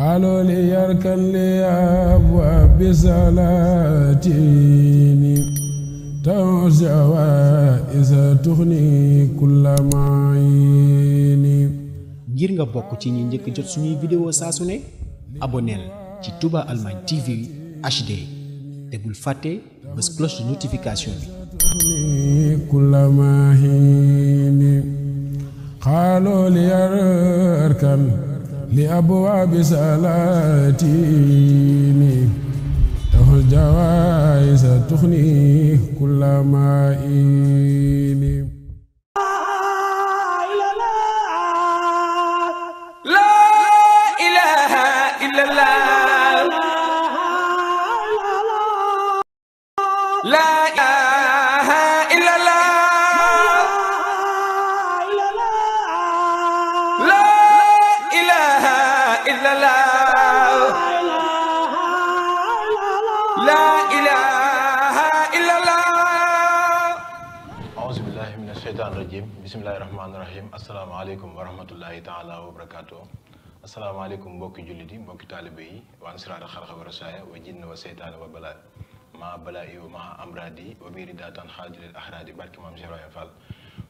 حلو لي يركن لي أبواب بصلاتي توسع وإذا تغني كل معين ngir nga bokk ci ñi njëkk jot suñuy vidéo saa ne aboneel ci Touba Allemagne TV HD te fàtte bés cloche de notification bi. لأبواب سلاتيني له الجوائز تخني كل مائيني rahmatullahi taala wa barakaatu asalaamaaleykum mbokki jullit yi mbokki taalibe yi wa ansiraar xarxa wa rasaaya wa jinn wa seytaane wa balaa maa balaa yi wa maa amraadi wa biiri daataan xaajulil ahraadi barki maam Cheikh Ibrahima Fall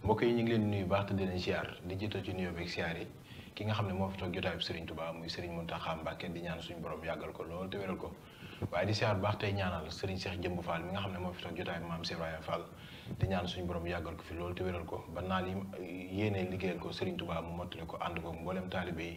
mbokk yi ñu ngi leen nuyu baax te di leen siyaar di jiital ci nuyoo beeg siyaar yi ki nga xam ne moo fi toog jotaayub Serigne Touba muy Serigne Mountakha Mbacké di ñaan suñu borom yàggal ko lool te wéral ko waaye di siyaar baax tey ñaanal Serigne Cheikh Jëmb Fall mi nga xam ne moo fi toog jotaayub maam Cheikh Ibrahima Fall di ñaan suñu borom yàggal ko fi loolu te wéral ko ba naal yi yéenee liggéeyal ko Serigne Touba mu mottali ko ànd ko mboolem taalibe yi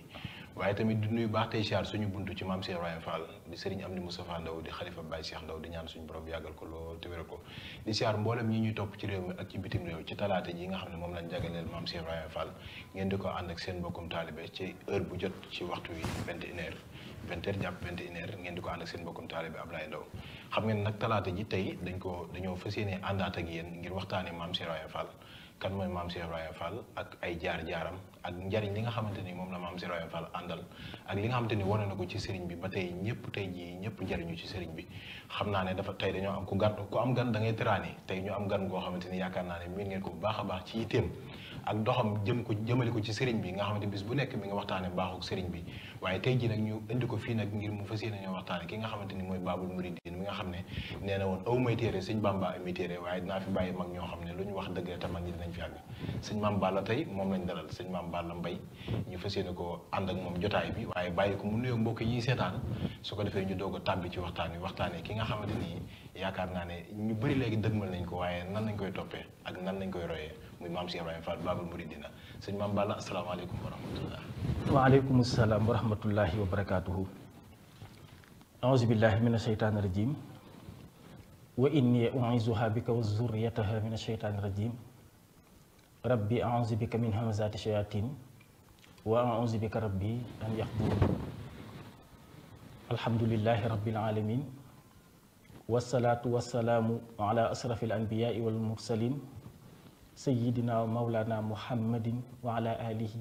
waaye tamit di nuyu baax tey siyaar suñu buntu ci maam Cheikh Ibrahima Fall di Serigne mu Moustapha Ndaw di xalifa Baye Cheikh Ndaw di ñaan suñu borom yàggal ko loolu te wéral ko di siyaar mboolem ñi ñuy topp ci réew mi ak ci bitim réew ci talaata ji nga xam ne moom lañ jagaleel maam Cheikh Ibrahima Fall ngeen di ko ànd ak seen mbokkum taalibe ci heure bu jot ci waxtu wi 21 vingt heures jàpp vingt et ngeen di ko ànd ak seen mbokkum taalibe Ablaye Ndao xam nag talaata ji tey dañ ko dañoo fas yéene àndaat ak yéen ngir waxtaane maam Cheikh Ibra Fall kan mooy maam Cheikh Ibra Fall ak ay jaar-jaaram ak njariñ li nga xamante ni moom la maam Cheikh Ibra Fall àndal ak li nga xamante ni wane na ko ci sëriñ bi ba tey ñëpp tey jii ñëpp njariñu ci sëriñ bi xam naa ne dafa tey dañoo am ku gan ku am gan da ngay teraani tey ñu am gan goo xamante ne yaakaar naa ne miin ngeen ko bu baax a baax ci yitteem ak doxam jëm ko jëmale ko ci sëriñ bi nga xamante bis bu nekk mi nga waxtaane baaxuk sëriñ bi waaye tey ji nag ñu indi ko fii nag ngir mu fas yéene ki nga xamante ni mooy baabul muridin mi nga xam ne nee na woon aw may téere sëñ bamba ami mag ñoo xam ne ñu wax dëgg la te mag ñi dinañ fi tey moom lañ dalal sëñ maam Balla Mbay ñu fas yéene ko ànd ak moom jotaay bi waaye bàyyi ko mu nuyoo mbokk yi seetaan su ko defee ñu doog a tàbbi ci waxtaan wi waxtaane ki nga xamante ni yaakaar naa ne ñu bëri léegi dëgmal nañ ko waaye nan lañ koy toppee ak nan lañ koy royee muy maam Cheikh ibrahim Fall Babul Mouridina seigne maam Balla alaykum wa rahmatullah wa alaykum assalam wa rahmatullahi wa barakatuh a'udhu billahi minash shaitani rajim wa inni uizuha bika wa zurriyataha minash shaitani rajim rabbi a'udhu bika min hamazati shayatin wa a'udhu bika rabbi an الحمد لله رب العالمين والصلاة والسلام على أشرف الأنبياء والمرسلين سيدنا مولانا محمد وعلى آله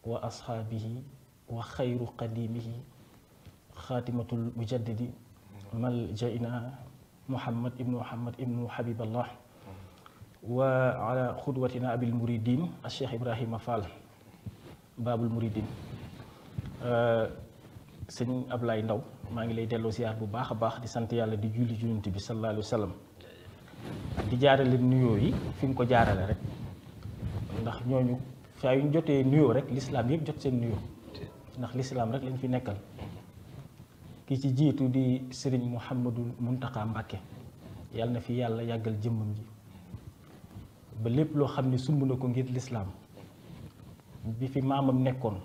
وأصحابه وخير قديمه خاتمة المجدد ملجئنا محمد ابن محمد ابن حبيب الله وعلى خدوتنا أبي المريدين الشيخ إبراهيم فال باب المريدين sëñ آه، أبلاي نو ما ngi lay زيار بباخ bu دي a baax di sant yàlla di julli junnit bi di jaarale nuyoo yi fi nga ko jaarale rek ndax ñooñu saa yu ñu jotee nuyoo rek lislaam yëpp jot seen nuyoo ndax lislaam rek lañ fi nekkal ki ci jiitu di sëriñ Mouhamadul Mountakha Mbacké yàlla na fi yàlla yàggal jëmmam ji ba lépp loo xam ne sumb na ko ngir lislaam bi fi maamam nekkoon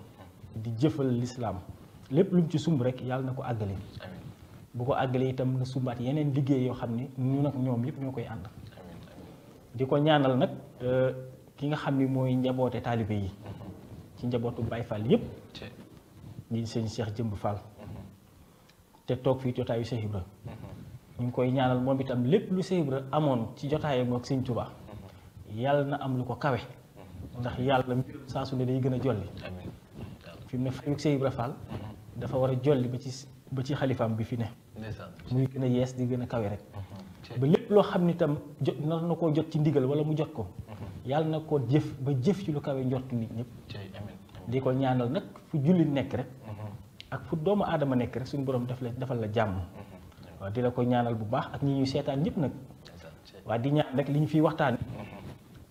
di jëfal lislaam lépp lu mu ci sumb rek yàlla na ko àggale bu ko àggalee itam na sumbaat yeneen liggéey yoo xam ne ñu nag ñoom yëpp ñoo koy ànd di ko ñaanal nag euh, ki nga xam ni mooy njaboote taalibe yi ci njabootu Baye Fall yëpp di sëñ Cheikh Jëmb Fall te toog fii jotaayu Cheikh Ibra ñu ngi koy ñaanal moom itam lépp lu Cheikh amoon ci jotaayam ak sëñ Tuubaa yàlla na am lu ko kawe ndax yàlla mbir saa su ne day gën a jolli fi mu ne fayuk Cheikh Ibra dafa war a jolli ba ci ba ci xalifaam bi fi ne muy gën a yees di gën a kawe rek mhm. ba lépp loo xam ni tam jot nar na koo jot ci ndigal wala mu jot ko mhm. yàlla na ko jëf ba jëf ci lu kawe njort nit ñëpp di ko ñaanal nag fu julli nekk rek mhm. ak fu doomu aadama nekk rek suñu borom daf la defal la jàmm waaw di la ko ñaanal bu baax ak ñi ñuy seetaan ñëpp nag waa di ñaan rek li ñu fi waxtaan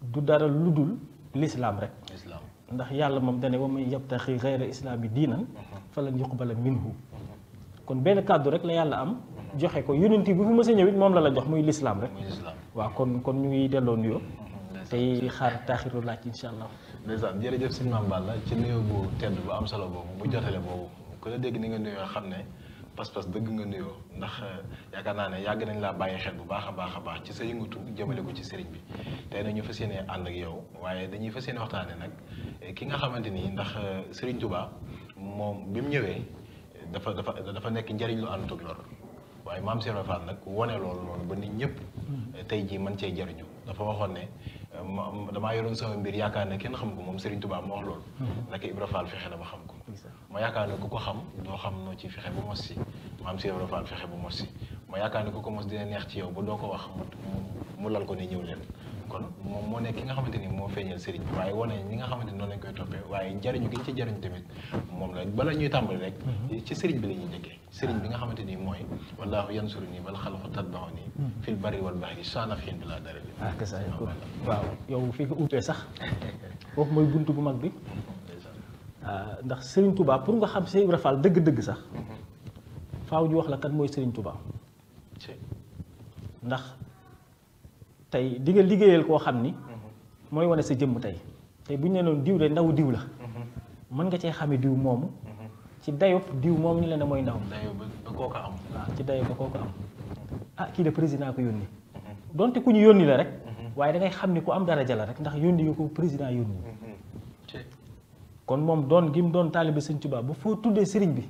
du dara lu dul lislaam rek ndax yàlla moom dane wa man yabtaxi xayra islaami diinan falan yuqbala minhu kon benn kàddu rek la yàlla am joxe ko yonent bu fi mës a ñëw it moom la la jox muy lislaam rek waaw kon kon ñu ngi delloo nuyoo tey xaar taaxiru laaj insha allah ndeysaan jërëjëf sëñ Mame Balla ci nuyoo bu tedd bu am solo boobu bu jotale boobu ku la dégg ni nga nuyoo xam ne pas-pas dëgg nga nuyoo ndax eh, yaakaar naa ne yàgg nañ laa bàyyi xel bu baax a baax a baax ci sa yëngatu jëmale ko ci sëriñ bi tey nag ñu fas yéene ànd ak yow waaye dañuy fas yéene waxtaane nag eh, ki nga xamante ni ndax eh, sëriñ Touba moom bi mu ñëwee dafa dafa dafa nekk njëriñ lu ànd ak lor waaye maam Serigne Fall nag wane loolu noonu ba nit ñëpp hmm. tey jii man cee jëriñu dafa waxoon ne ma damaa yoroon sama mbir yaakaar ne kenn xam ko moom Serigne Touba ma wax loolu. naka hmm. Ibra Fall fexe na ba xam ko. ma yaakaar ne ku ko xam doo xam noo ci fexe bu mos si maam Serigne Fall fexe bu mos si ma yaakaar ne ku ko mos dina neex ci yow ba doo ko wax mu lal ko ne ñëw leen. kon moom moo nekk ki nga xamante ni moo feeñal sëriñ bi waaye wane ñi nga xamante ni noonu lañ koy toppee waaye jariñu gi ci jariñ tamit moom la bala ñuy tàmbali rek mhm. ci sëriñ bi la ñuy njëkkee sëriñ bi nga xamante ni mooy wallaahu yansuru nii wal xalqu tatbaxu nii mhm. fil barri wal bahri saana fiin bi laa dara bi waaw yow fii ko uutee sax foofu mooy buntu bu mag bi ah, ndax sëriñ Touba pour nga xam Cheikh Ibra dëgg-dëgg sax mhm. faaw ñu wax la kan mooy sëriñ Touba tey di nga liggéeyal koo xam ni mhm. mooy wane sa jëmm tey tey bu ñu nee noonu diw de ndaw diw la mhm. mën nga cee xame diw moomu mhm. ci dayop diw moomu ñu la ne mooy ndaw ba koo ko am waaw ci dayop koo ko am ah kii de président ko yónni donte ku ñu yónni la rek waaye da ngay xam ni ku am daraja la rek ndax yónni yu ko président yónni kon moom doon gi mu doon taalibe sëñ Tuubaa ba foo tuddee sëriñ bi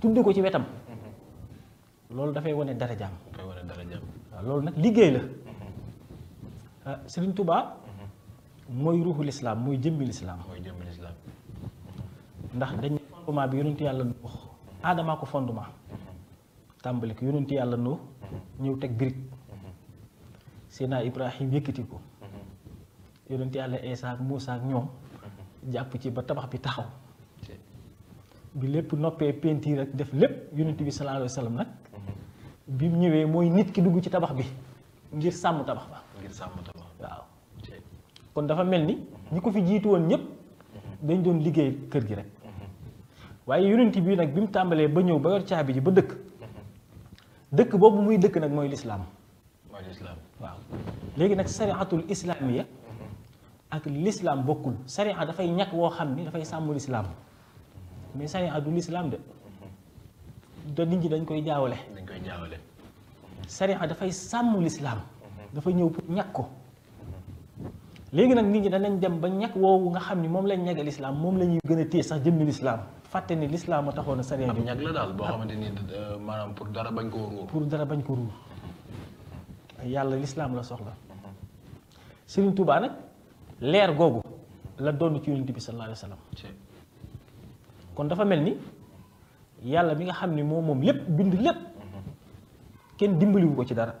tudde ko ci wetam loolu dafay wone darajaam waaw loolu nag liggéey la Euh, Serigne Touba. mooy ruuxu lislaam mooy jëmmi lislaam. mooy jëmmi ndax dañ fondement bi yonent yàlla nuux aadamaa ko fondement. yàlla nuux ñëw teg birig Seydina Ibrahim yëkkati ko. yonent yàlla Eesa ak ñoom. jàpp ci ba tabax bi taxaw. bi lépp noppee peinture rek def lépp yonent bi sallallahu alayhi nag. Mhm. bi mu ñëwee mooy nit ki dugg ci tabax bi ngir sàmm tabax ba. kon dafa mel ni ñi ko fi jiitu woon ñëpp dañ doon liggéey kër gi rek waaye yonent bi nag bi mu tàmbalee ba ñëw ba yor caabi ji ba dëkk dëkk boobu muy dëkk nag mooy lislaam mooy lislaam waaw léegi nag sariatul islaamiya ak lislaam bokkul sariya dafay ñàkk woo xam ni dafay sàmm lislaam mais sariya du lislaam de da nit dañ koy jaawale dañ koy jaawale sariya dafay sàmm lislaam dafa ñëw pour ko léegi nag nit ñi danañ dem ba ñàkk woowu nga xam ni moom lañ ñàggal lislaam moom la ñuy gën a téye sax jëmmi lislaam fàtte ni lislaam a taxoon a sariya bi ñàkk la daal boo xamante ni euh, maanaam pour dara bañ ko ruur pour dara bañ ko yàlla lislaam la soxla Sëriñ Tuubaa nag leer googu la donn ci yonent bi sallallahu alayhi wa sallam kon dafa mel ni yàlla bi nga xam ni moom moom lépp bind lépp kenn dimbaliwu ko ci dara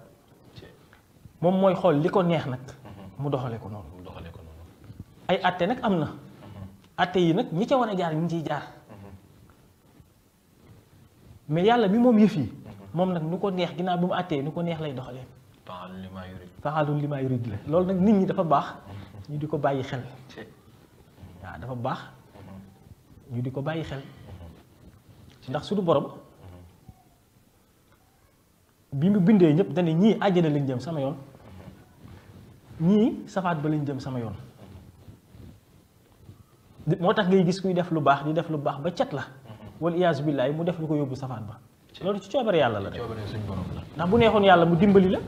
moom mooy xool li ko neex nag mu doxale ko noonu ay atte nag am na atte yi nag ñi ca war a jaar ñu ciy jaar mais yàlla mi moom yëf yi moom nag nu ko neex ginnaaw bi mu àttee nu ko neex lay doxalee. fa'aalun limaa yurid. fa'aalun limaa loolu nag nit ñi dafa baax ñu di ko bàyyi xel waaw dafa baax mhm. ñu di ko bàyyi xel mhm. ndax suñu borom bi mu bindee ñëpp dana ñii àjjana lañ jëm sama yoon mhm. ñii safaat ba lañ jëm sama yoon. moo tax ngay gis kuy def lu baax di def lu baax ba cet la wala iyaasu billaah mu def lu ko yóbbu safaan ba loolu ci coobare yàlla la rek ndax bu neexoon yàlla mu dimbali la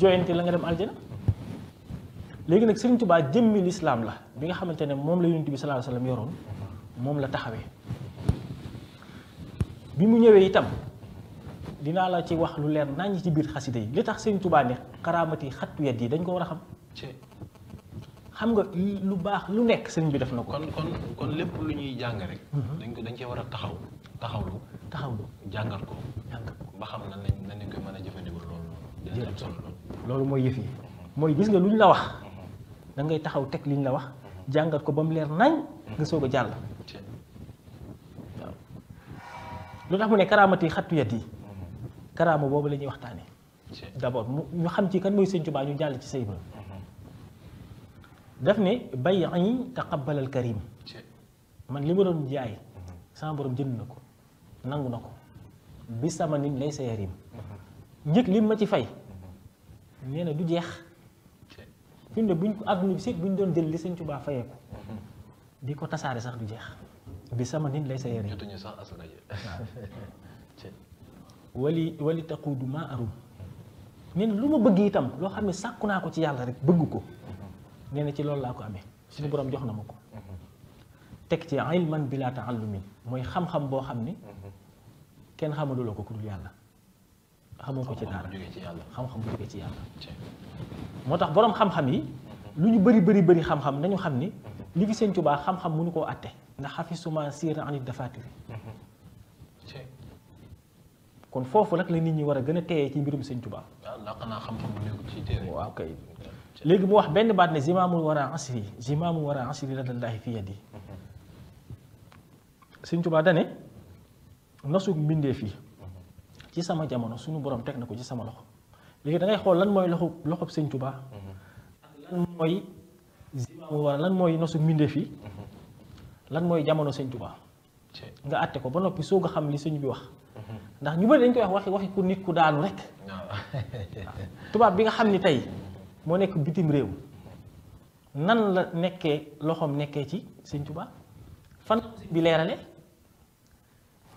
joyante la nga dem aljana léegi nag Sëriñ Tuubaa jëmmi lislaam la bi nga xamante ne moom la yonent bi sallallaahu la wa yoroon moom la taxawee bi mu ñëwee itam dinaa la ci wax lu leer naññ ci biir xasida yi li tax Sëriñ Tuubaa ne xaraamati xattu yet yi dañ ko war a xam xam nga lu baax lu nekk sëñ bi def na ko. kon kon lépp lu ñuy jàng rek. Mhm. dañ ko dañ cee war a taxaw taxawlu. taxawlu jàngal ko. jàngal ko ba xam nan lañ nan lañ koy mën a jëfandikoo loolu. dina solo loolu mooy yëf yi mhm. mooy gis nga lu ñu la wax. Mhm. da ngay taxaw teg liñ la wax. jàngat ko ba mu leer nañ. nga soog a jàll. waaw lu tax mu ne karaamati xattuyat yi. karaama boobu la ñuy waxtaanee. d' abord mu ñu xam ci kan mooy sëñ Tuubaa ñu jàll ci Seydou daf ne bay añ taqabbalal karim man li ma doon jaay sama borom jënd na ko nangu na ko bi sama nit lay sa yarim njëg li ma ci fay nee na du jeex fi mu ne buñ ko àdduna bi si buñ doon jël li sëñ Tuubaa fayee ko di ko tasaare sax du jeex bi sama nit lay sa yarim wali wali du maa arum nee lu ma bëgg itam loo xam ne sàkku naa ko ci yàlla rek bëgg ko nee na ci loolu laa ko amee suñu borom jox na ma ko teg ci ilman àllu mi mooy xam-xam boo xam ni mhm. kenn xamalu la ko ku dul yàlla xamoo ko ci dara xam-xam bu moo tax boroom xam-xam yi mhm. lu ñu bari bari bari xam-xam nañu xam ni mhm. li fi sëñ Tuubaa xam-xam mënu koo àtte ndax xafisuma siira anit dafaatiri kon foofu nag la nit ñi war a gën a téye ci mbirum sëñ Tuubaa waaw kay léegi mu wax benn baat ne zimaamul wara asri zimaamul wara asri radallaahi fi yadi Sëñ Tuubaa dane nasug mbindeef yi ci sama jamono suñu borom teg na ko ci sama loxo léegi da ngay xool lan mooy loxo loxob Sëñ Tuubaa ak lan mooy zimaamul wara lan mooy nasug mbindeef yi lan mooy jamono Sëñ Tuubaa nga àtte ko ba noppi soog a xam li sëñ bi wax ndax ñu bëri dañ koy wax waxi waxi ku nit ku daanu rek tubaab bi nga xam ni tey mo nek bitim rew nan la nekke loxom nekke ci seigne touba fan bi leralé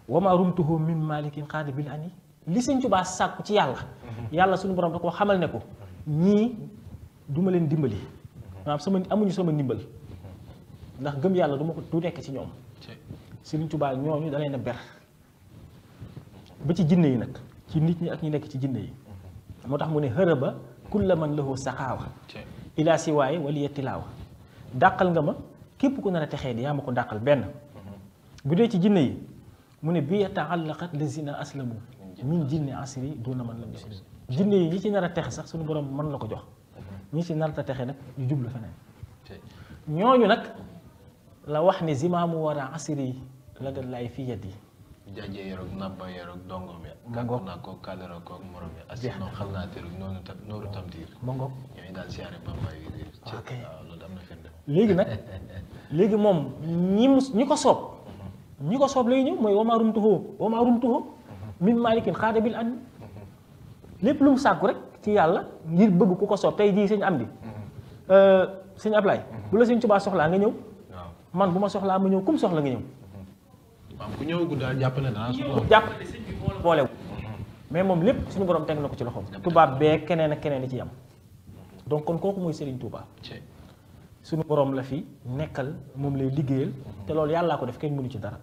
wama rumtuhu min malikin xaadi bil ani li seigne touba sàkku ci yalla yalla suñu borom dako xamal ne ko ñi duma len dimbali maanaam sama amuñu sama ndimbal ndax gëm yalla duma ko du nek ci ñom seigne touba ñoñu da lay na ber ba ci jinne yi nak ci nit ñi ak ñi nek ci jinne yi motax mu ne heureba كل من له سخاوة إلى سواي وليتلاوة داقل نغما كيف كنا نتخيل يا مكو داقل بنا بدي تي جيني من بي يتعلق الذين اسلموا من جن عصري دون من لم يسلم جيني ني تي نارا تخي صاح من لاكو جوخ ني تي نارا تخي نك ني نيو نك لا زمام ورا عصري لقد لا في jaje yorog nabba yorog xam naa teerug noonu tam nooru tamtiir ma ngoog ñooy ah, ah, léegi nag moom ñi mu ñi ko soob mhm. ñi ko soob lay ñëw mooy wamaarum tuxoo wamaarum tuxoo mhm. min maalikin xaadabil an mhm. lépp lu mu sàkku rek ci yàlla ngir bëgg ku ko soob tey jii sëñ am di euh, sëñ Ablaay bu la sëñ Tuubaa soxlaa nga ñëw man bu ma soxlaa ma ñëw kum soxla nga ñëw ku ñëwagul daal jàpp ne danaa soxla jàpp ne sëñ bi boole mais moom lépp suñu borom teg na ko ci loxoom. tubaab bee keneen ak keneen di ci am. donc kon kooku mooy Serigne Touba. suñu boroom la fi nekkal moom lay liggéeyal. Mhm. te loolu yàllaa ko def kenn mënu ci dara.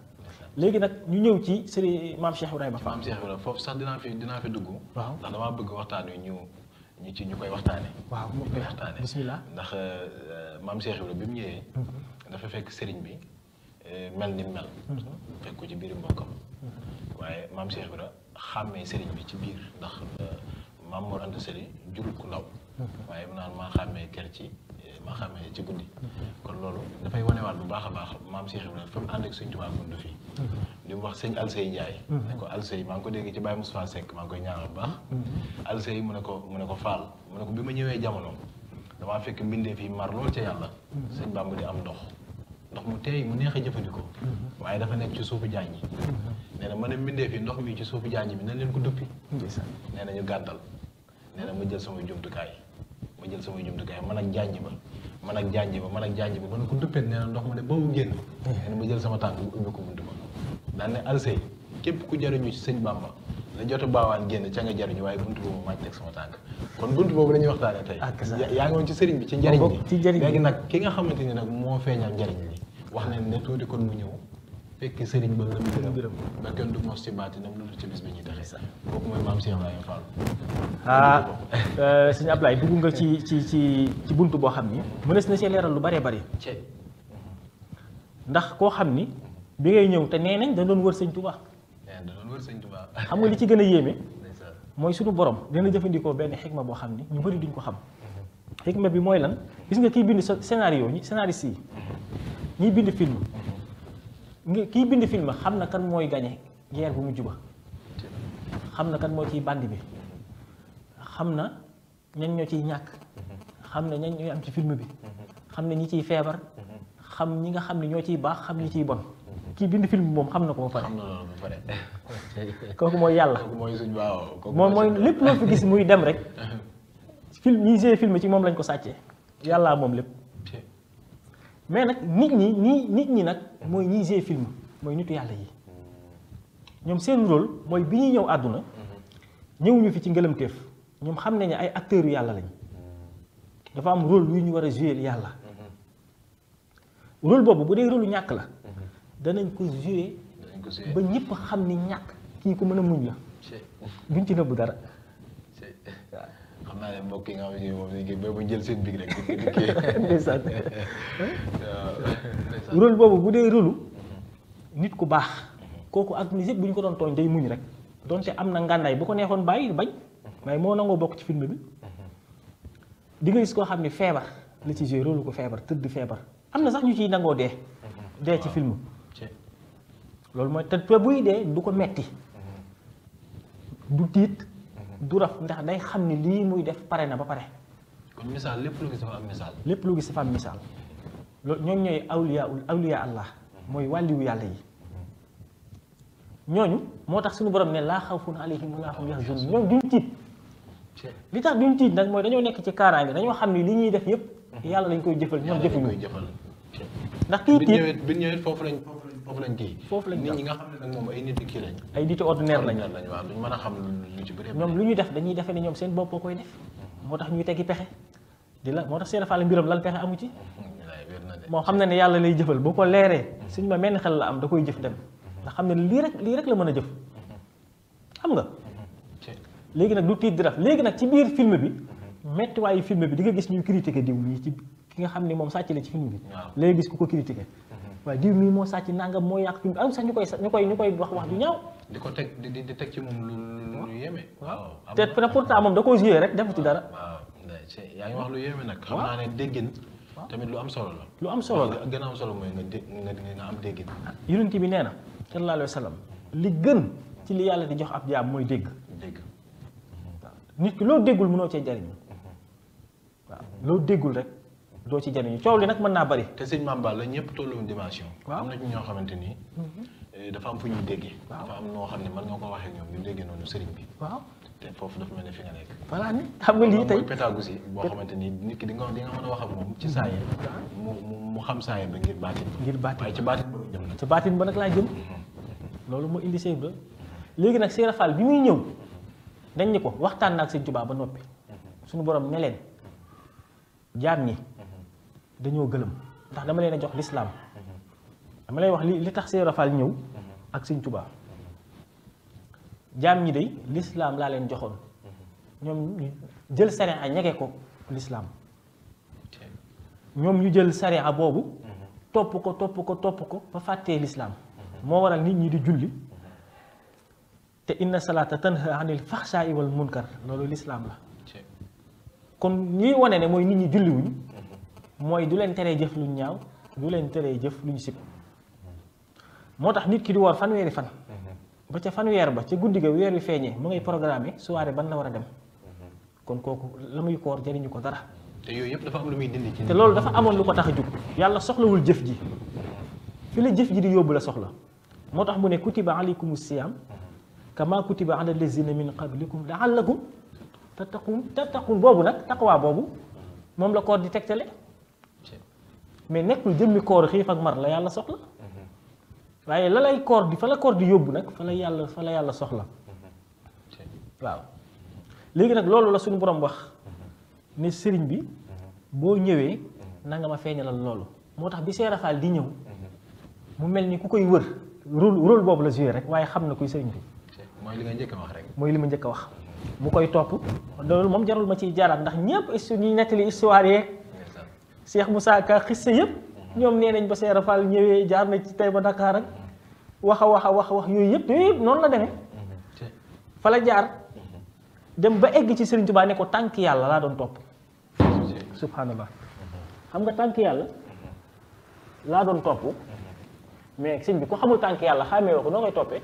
léegi nag ñu ñëw ci Serigne maam Cheikh Ibrahima Fall. maam Cheikh Ibrahima foofu sax dinaa fi dinaa fi dugg. waaw ndax damaa bëgg waxtaan wi ñu ñu ci ñu koy waxtaanee. waaw ñu koy waxtaanee ndax euh, maam Cheikh Ibrahima bi mu ñëwee. Mhm. dafa fekk Serigne bi. Eh, mel ni mel. fekk ko ci biir mbokkam. waaye maam Cheikh Ibra xàmmee sëriñ bi ci biir ndax eh, maam Mor Anta Sali jurul ku ndaw. waaye mu naan maa xàmmee ker ci eh, maa xàmmee ci guddi. kon loolu dafay wanewaat bu baax a baax maam Cheikh Ibra fa mu ànd ak fii. li mu wax sëñ Alsey Ndiaye. ne ko Alsey maa ngi ko dégg ci Baye Moussa Seck maa ngi koy ñaanal bu baax. Alsey mu ne ko mu ne ko Fall mu ne ko bi ma ñëwee jamono damaa fekk mbindeef yi mar lool ca yàlla. sëñ Bamba di am ndox. ndox mu teey mu neex a jëfandikoo mm-hmm. waaye dafa nekk ci suufu jaañ yi mm-hmm. nee na mën a mbindee yi ndox mi ci suufu jànj bi na leen ko duppi nee na ñu gàttal nee na ma jël samay jumtukaay ma jël samay jumtukaay ma ak jaañ ba man ak jaañ ba man ak jaañ ba mën ko duppee nee na ndox mu ne ba mu génn mm-hmm. nee na ma jël sama tànk bu ubbi ko buntu ba daan ne alsey képp ku jariñu ci sëñ Bàmba la jot a genn ca nga jariñu waye buntu boobu ma tek sama tank kon buntu boobu la ñuy waxtaane tey ah, ya-, yaa ngi woon ci serigne bi ci ci li legi nak ki nga xamanteni nak mo feñal feeñal ni wax na ne tuti kon mu ñew fekk serigne ba lëm gërëm ba kenn du mos ci baatinam lu ci bis bi ñi taxé sa bokku moy maam Cheikh Ibrahima Fall ah euh, serigne ablay dugg nga ci ci ci ci buntu boo xam ne mënees na ci leeral lu baree bari ndax ko xamni bi ngay ñew te nee nañ da doon wër serigne xam nga li ci gën a yéeme mooy suñu borom dina jëfandikoo benn xikma boo xam ni ñu bari duñ ko xam xikma bi mooy lan gis nga kiy bind scénario ñi scénariste yi ñiy bind film kiy bind film xam na kan mooy gañe guerre bu mujj ba xam na kan moo ciy bandi bi xam na ñan ñoo ciy ñàkk xam na ñan am ci film bi xam na ciy feebar xam ñi nga xam ne ñoo ciy baax xam ñi ciy bon kii bind film moom xam na koo ba pare kooku mooy yàlla. kooku mooy suñu waaw kooku mooy mooy lépp loo fi gis muy dem rek. film ñi film ci moom lañ ko sàccee yàlla moom lépp. mais nag nit ñi nii nit ñi nag mooy ñiy gée film mooy nitu yàlla yi ñoom seen rôle mooy bi ñuy ñëw àdduna mm-hmm. ñëwuñu fi ci ngëlëmteef ñoom xam nañ ne ay acteur yu yàlla lañ mm-hmm. dafa am rôle yu ñu war a jouer yàlla mm-hmm. rôle boobu bu dee rôle ñàkk la danañ ko jouer ba ñëpp xam ni ñàkk kii ko mën a muñ la. duñ ci nëbbu dara. xam naa ne mbokk yi bu ñu jël seen big rek. ndeysaan rôle boobu bu dee rôle mm-hmm. nit ku baax mm-hmm. kooku ak nit yëpp bu ñu ko doon tooñ day muñ rek donte am na ngàndaay bu ko neexoon bàyyi bañ mm-hmm. mais moo nangoo bokk ci film bi di nga koo xam ni feebar la ci joué rôle ko feebar tëdd feebar am na sax ñu ciy nangoo dee. dee ci film. loolu mooy te buy dee du ko metti du tit du raf ndax day xam ni lii muy def paré na ba paré comme misal lepp lu gis dafa am misal lepp lu gis dafa am misal ñoñ ñoy ñooy awliya awliya allah mooy wàlliwu yalla yi ñoñ motax suñu borom ne la khawfun alayhim wa laa hum yahzun ñoñ duñ tit li tax duñ tit nak moy dañu nekk ci kaaraange dañu xam ni li ñuy def yépp yalla lañ koy jëfël ñoom jëfuñu ndax ki tit bi ñëwee fofu lañ foofu lañ kii foofu lañ nit ñi nga xam ne nag moom ay nit kii lañ ay nit ordinaire lañ lañ waaw duñ mën a xam lu ci lu ñu def dañuy defee ne ñoom seen bopp koy def moo tax ñuy teggi pexe di la moo tax seen faale mbiram lal pexe amu ci moo xam ne ne yàlla lay jëfal bu ko leeree suñ ma menn xel la am da koy jëf dem ndax xam ne lii rek lii rek la mën a jëf xam nga léegi nag du tiit di def léegi nag ci biir film bi méttiwaayu film bi di nga gis ñuy critiquer diw yi ci ki nga xam ne moom sàcc la ci film bi léegi ko critiquer waaye diw mii moo sàcc nangam moo yàq fi am sax ñu koy ñu koy ñu koy wax wax ju ñaaw. di ko teg di di teg ci moom lu lu lu waaw te pourtant moom da koo joué rek defu ci dara. waaw yaa ngi wax lu yéeme nag. xam naa ne déggin tamit lu am solo la. lu am solo la gën a am solo mooy nga dé nga am déggin. Ah, yonent bi nee na sallallahu alayhi wa li gën ci li yàlla di jox ab jaam mooy dégg. dégg nit loo déggul mënoo cee jariñ mm-hmm. waaw loo déggul rek. doo ci jëriñu coow li nag mën naa bari. te sëñ Mame Balla ñëpp tolluwuñu dimension. waaw am na ci ñoo xamante ni. Mhm. Eh, dafa am fu ñuy déggee. dafa am noo xam ne mën nga ko waxee ñoom ñu déggee noonu sëriñ bi. waaw te foofu dafa mel nekk. voilà ni xam nga lii tey mooy pédagogie boo xamante ni nit ki di nga di nga a wax ak moom ci saa yi. Mhm. mu mu xam saa yi ba ngir baatin. ngir baatin waaye ci baatin ba jëm nag. ci baatin ba nag laa jëm. Mhm. loolu moo indi Cheikh Ibra léegi nag Cheikh Fall bi muy ñëw dañ ni ko waxtaan na ak Sëñ Tuubaa ba noppi suñu boroom ne leen jaam ñi dañoo gëlëm ndax dama leen a jox lislaam dama lay wax li li tax Seex Ibra ñëw ak Sëñ Tuubaa jaam ñi day lislaam laa leen joxoon ñoom ñu jël sariya ñege ko lislaam ñoom ñu jël sariya boobu topp ko topp ko topp ko ba fàttee lislaam moo waral nit ñi di julli te inna salaata tanha anil faxshaai wal munkar loolu lislaam la kon ñuy wone ne mooy nit ñi julliwuñ mooy du leen teree jëf luñ ñaaw du leen teree jëf luñ sib moo tax nit ki di woor weeri fan mhm. ba ca fan weer ba ca guddi ga weer wi feeñee mu ngay programmer soirée ban la war a dem mhm. kon kooku la muy koor jëriñu ko dara. te yooyu yëpp dafa am lu muy dindi ci. te loolu dafa amoon lu ko tax a jug yàlla soxlawul jëf ji fi la jëf ji di yóbbu la soxla moo tax mu ne kutiba alaykumu siyaam mhm. kama kutiba ala lazina min qablikum laallakum tattaqun tattaqun boobu nag taqwa boobu moom la koor di tegtale. mais nekkul jëmmi koor xiif ak mar la yàlla soxla waaye la lay koor di fa la koor di yóbbu nag fa la yàlla fa yàlla soxla waaw léegi nag loolu la suñu boroom wax ni sëriñ bi boo ñëwee nanga ma feeñalal loolu moo tax bi Seera Faal di ñëw mu mel ni ku koy wër rôle rôle boobu la joué rek waaye xam na kuy sëriñ bi mooy li nga njëkk wax rek mooy li ma njëkk a wax mu koy topp loolu moom jarul ma ciy jaaraat ndax ñëpp ñi nettali histoire yeeg Cheikh Moussa Ka xisse yëpp ñoom nee nañ ba Seera Fall ñëwee jaar na ci tey ba Dakar ak wax a wax a wax yooyu yëpp yooyu yëpp noonu la demee mhm. fa jaar mhm. dem ba egg ci Serigne Touba ne ko tànk yàlla laa doon topp subhanallah mhm. nga tànk laa doon topp mais sëñ bi ko xamul tànk yàlla xamee woo ko noo koy toppee.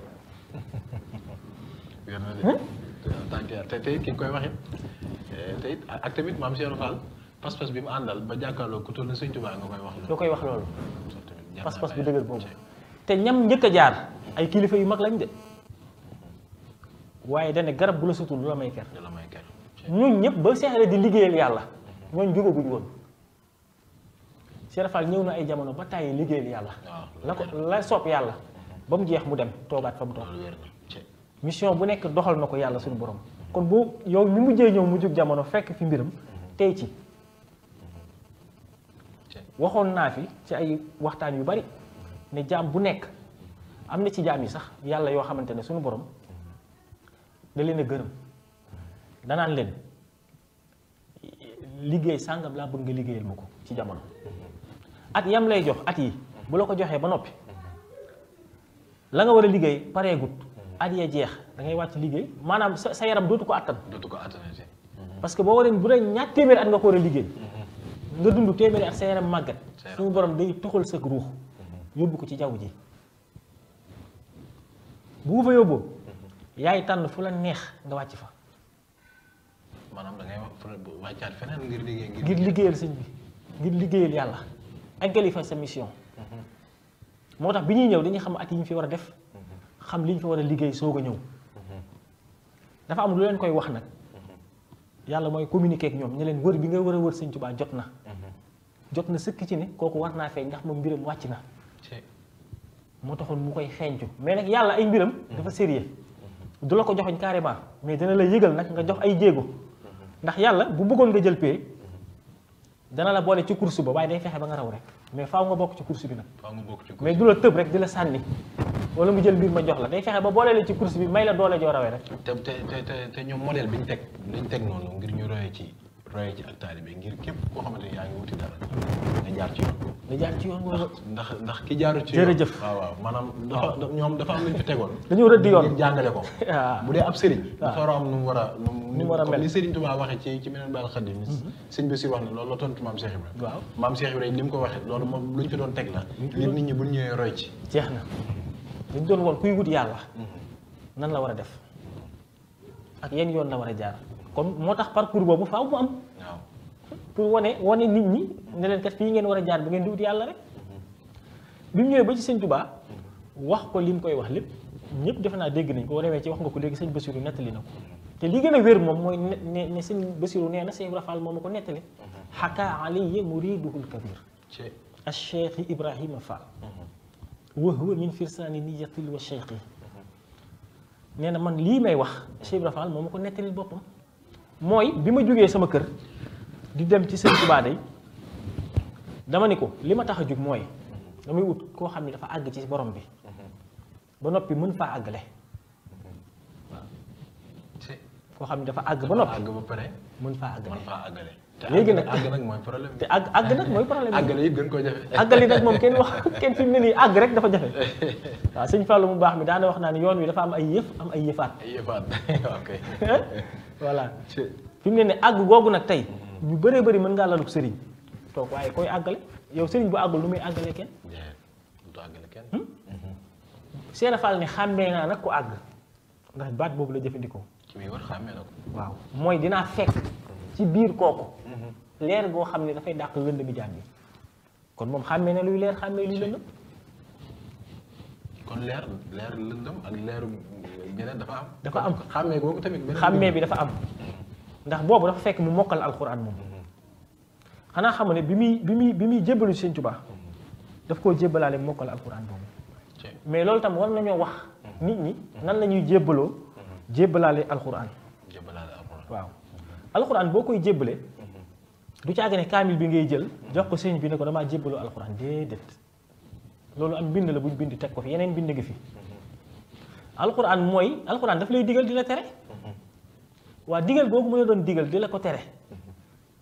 tànk te tey ki koy waxit te it ak tamit maam Seera Fall. pas-pas bi mu àndal ba jàkkaarloo ku toll koy wax loolu. nga koy wax loolu. te ñam njëkk a jaar ay yu mag lañ de waaye dane garab bu la la may ker. ñooñ ñëpp ba seexale di liggéeyal yàlla ñooñ jógaguñ woon Cheikh ñëw na ay jamono ba tàyyi liggéeyal yàlla ah, yàlla ba mu jeex mu dem toogaat fa mu toog mission bu nekk doxal na ko yàlla suñu borom kon bu yow mi mujjee ñëw mu jug jamono fekk fi mbiram tey ci waxon na fi ci ay waxtaan yu bari ne jam bu nek amna ci jam yi sax yalla yo xamantene suñu borom da leena geureum da nan len liggey sangam la bëgg nga mako ci jamono at yam lay jox at yi bu lako joxe ba nopi la nga wara liggey paré gut at ya jeex da ngay wacc liggey manam sa yaram dootu ko parce que bo bu re at nga ko wara liggey nga dund téeméeri ak sa yaram màggat suñu borom day tuxal sa ruux yóbbu ko ci jaww ji bu fa yóbboo mhm. yaay tànn fu la neex nga wàcc fa maanaam da ngay ngir liggéey liggéeyal sëñ bi ngir liggéeyal yàlla eggali fa sa mission mhm. moo tax bi ñuy ñëw dañuy xam ak yi ñu fi war a def mhm. xam li ñu fi war a liggéey soo a ñëw dafa am lu leen koy wax nag yàlla mooy communiquer ak ñoom ñu leen wër bi nga war a wër sëñ Tuubaa jot na mhm. jot na sëkk ci ne kooku war naa feeñ ndax moom mbiram wàcc na moo taxoon mu koy xeeñcu mais nag yàlla ay mbiram mhm. dafa sérieux mhm. du la ko joxoñ carrément mais dana la yëgal nag nga jox ay jéego ndax yàlla bu bëggoon nga jël pee dana la boole ci course ba waaye day fexe ba nga raw rek mais faaw nga bokk ci course bi nag mais du la tëb rek di la sànni wala mu jël mbir ma jox la day fexe ba boole la ci course bi may la doole joo rawee rek te te te te ñoom modèle bi ñu teg bi ñu teg noonu ngir ñu royee ci royee ci ak taalibe ngir képp ko xamante ni yaa ngi wuti dara nga jaar ci yoon boobu. jaar ci yoon boobu ndax ndax ki jaaru ci yoon waaw waaw dafa ñoom am lu tegoon dañu rëdd yoon ngir jàngale ko bu dee ab sëriñ dafa nu mu war a nu war a mel ni sëriñ Tuubaa waxee ci ci meneen baal xadim mm-hmm. sëñ bi si wax ne loolu la tontu maam Cheikh waaw maam Cheikh Ibrahima li ko waxee loolu moom lu ñu fi doon teg la ngir nit ñi bu ñu ñëwee roy ci jeex na dañ doon woon kuy wut yàlla mm-hmm. nan la war a def ak yan yoon la war a jaar comme moo tax parcours boobu faaw mu am. pour wane nit ñi ne leen kat fii ngeen war a jaar bu ngeen di yàlla rek. bi mu ñëwee ba ci sëñ Touba wax ko li mu koy wax lépp ñëpp defe naa dégg nañ ko waree ci wax nga ko léegi sëñ Bassirou nettali na ko te li gën a wér moom mooy ne ne sëñ Bassirou nee na sëñ Ibra Fall moom ma ko nettali. xakaa alayya muriduhul kabir. acheikh Ibrahima Fall. Mhm. wa huwa min firsaani niyatil wa cheikh yi. nee na man lii may wax sëñ Ibra Fall moom ko nettali boppam. mooy bi ma jógee sama kër di dem ci seen Tuubaa day dama ni ko li ma tax a jóg mooy damay wut koo xam ne dafa àgg ci borom bi ba noppi mën faa àggale koo xam ne dafa àgg ba noppi mën faa àggale léegi nag àgg nag mooy problème te àgg àgg nag mooy problème àggale yëpp gën koo jafe àggali nag moom kenn wax kenn fi mu ne nii àgg rek dafa jafe waaw sëñ Fallou mu baax mi daana wax naa ne yoon wi dafa am ay yëf am ay yëfaat ay yëfaat ok voilà fi mu ne nii àgg googu nag tey ñu bëree bëri mën ngaa laluk sëriñ toog waaye koy àggale yow sëriñ bu àggul lu muy àggale kenn du àggale kenn hmm? mhm. Seera Fall ne xàmmee naa nag ku àgg ndax baat boobu la jëfandikoo ki muy war waaw mooy dinaa fekk ci biir kooku leer boo xam ne dafay dàq lënd bi jàmm bi kon moom xàmmee na luy leer xàmmee luy lëndëm. kon leer leer lëndëm ak leeru beneen dafa am. dafa am xàmmee boobu tamit. xàmmee bi dafa am ndax boobu dafa fekk mu mokkal alxuraan moom xanaa xam ne bi muy bi muy bi muy jébbalu Sëñ Tuubaa daf koo jébbalaale mokkal alxuraan boobu. mais loolu tam war nañoo wax. nit ñi nan la ñuy jébbaloo. jébbalaale alxuraan. jébbalaale alxuraan waaw alxuraan boo koy jébbalee. du ci agne kamil bi ngay jël jox ko seigne bi ne ko dama jébbaloo alquran dedet lolu am bind la buñ bind tek ko fi yenen bind nga fi alquran moy alquran daf lay digal di téré wa waa digal mo doon digal dila ko téré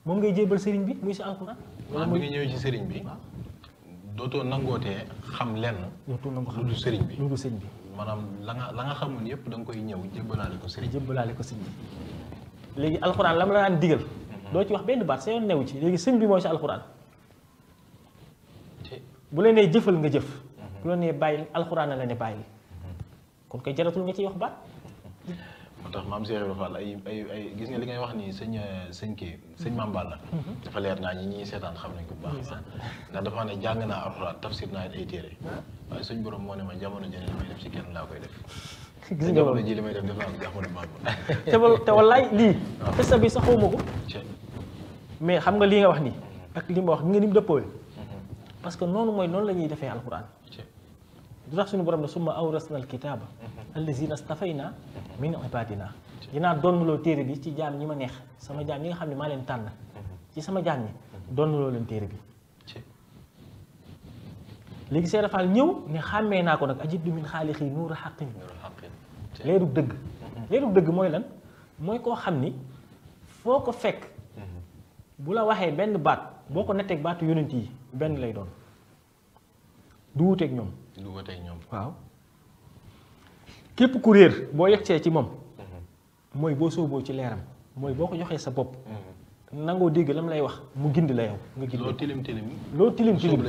mom ngay jébbal seigne bi muy ci alquran waaw mo nga ñew ci seigne bi doto nangote xam len doto nangu xam du seigne bi lu seigne bi. manam la nga la nga xamone yëpp dang koy ñew jébbalaale ko seigne bi ko seigne bi léegi alquran lam la daan digal. doo ci wax benn baat sa yoon new ci léegi sëñ bi mooy sa alxuraan bu la nee jëfal nga jëf bu la nee bàyyil alxuraan la ne bàyyil kon koy jaratul nga ciy wax baat moo tax maam Cheikh Ibrahima Fall ay ay gis nga li ngay wax nii sëñ euh, sëñ kii sëñ Maam Balla mhm. dafa leer naa ñi ñi seetaan xam nañ ko bu baax mhm. ndax dafa ne jàng naa alxuraan tafsir naa ay téere waaye suñ borom moo ne ma jamono jëne li may def ci kenn laa koy def te wallaay lii xista bi sax ko mais xam nga lii nga wax nii mm-hmm. ak li ma wax nga ni mu dëppoo mm-hmm. parce que noonu mooy noonu la ñuy defee alquran du tax suñu borom ne summa awrasna alkitaaba mm-hmm. allazina stafayna min ibadina dinaa loo téere bi ci jaam ñi ma neex sama jaam ñi nga xam ne maa leen tànn ci sama jaam ñi loo leen téere bi léegi Seydou Fall ñëw ne xàmmee naa ko nag ajib du min xaalixi nuuru xaqin leeru dëgg leeru dëgg mooy lan mooy koo xam ni foo ko fekk bu la waxee benn baat boo ko netteeg baatu yonent yi benn lay doon du wuteeg ñoom. du ñoom waaw. képp ku réer boo yegsee ci moom. Mhm. mooy boo sooboo ci leeram mooy boo ko joxee sa bopp. Mhm. nangoo dégg lam lay wax mu gind la yow. nga gind loo tilim tilim. loo tilim tilim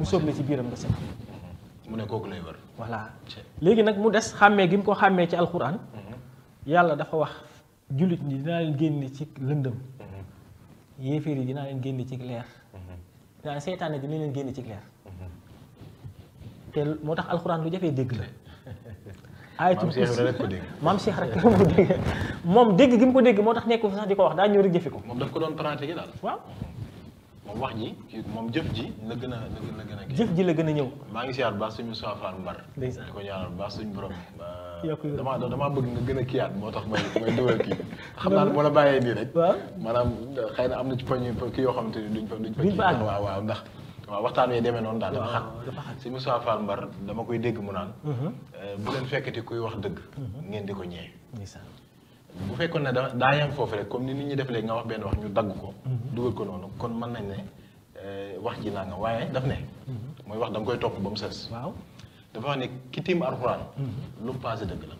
mu soob la ci biiram nga set. Mhm. mu ne kooku lay war. voilà léegi nag mu des xàmmee gi mu ko xàmmee ci alxuraan. yàlla dafa wax jullit ñi dinaa leen génne ci lëndëm. yéeféer yi dinaa leen génn ci leer mhm. dinaa seytaane dina leen génn ci leer mhm. te moo tax alxuraan lu jafee dégg la ayatul kursi maam Cheikh rek ko dégg moom dégg gi mu ko dégg moo tax nekk fi sax di ko wax daa ñëw rek jëfe ko moom daf ko doon pratiquer daal waaw moom wax ji moom jëf ji na gën a la gën a. jëf ji la gën a ñëw. maa ngi siyaar baax suñu soifaan mbar. ndeysaan ko ñaanal baax suñu borom. yokk yooyu damaa damaa bëgg gën a kiyaat moo tax may may dugal kii xam naa moo maanaam xëy na am na ci poñ kii yoo xamante ni duñ fa duñ fa. duñ fa àgg waxtaan wi demee noonu daal dafa xat si Moussa Fall Mbar dama koy dégg mu naan. Mm-hmm. Eh, bu leen fekkati kuy wax dëgg. Mm-hmm. ngeen di ko ñee. bu fekkoon ne da daa yem foofu rek comme ni nit ñi def léegi nga wax benn wax ñu dagg ko. Mhm. dugal ko noonu kon mën nañ ne eh, wax ji naa nga waaye daf ne. Mhm. mooy wax da koy topp ba mu sës. waaw dafa wax ne ki tiim alxuraan. Mhm. lu mu paase dëgg la.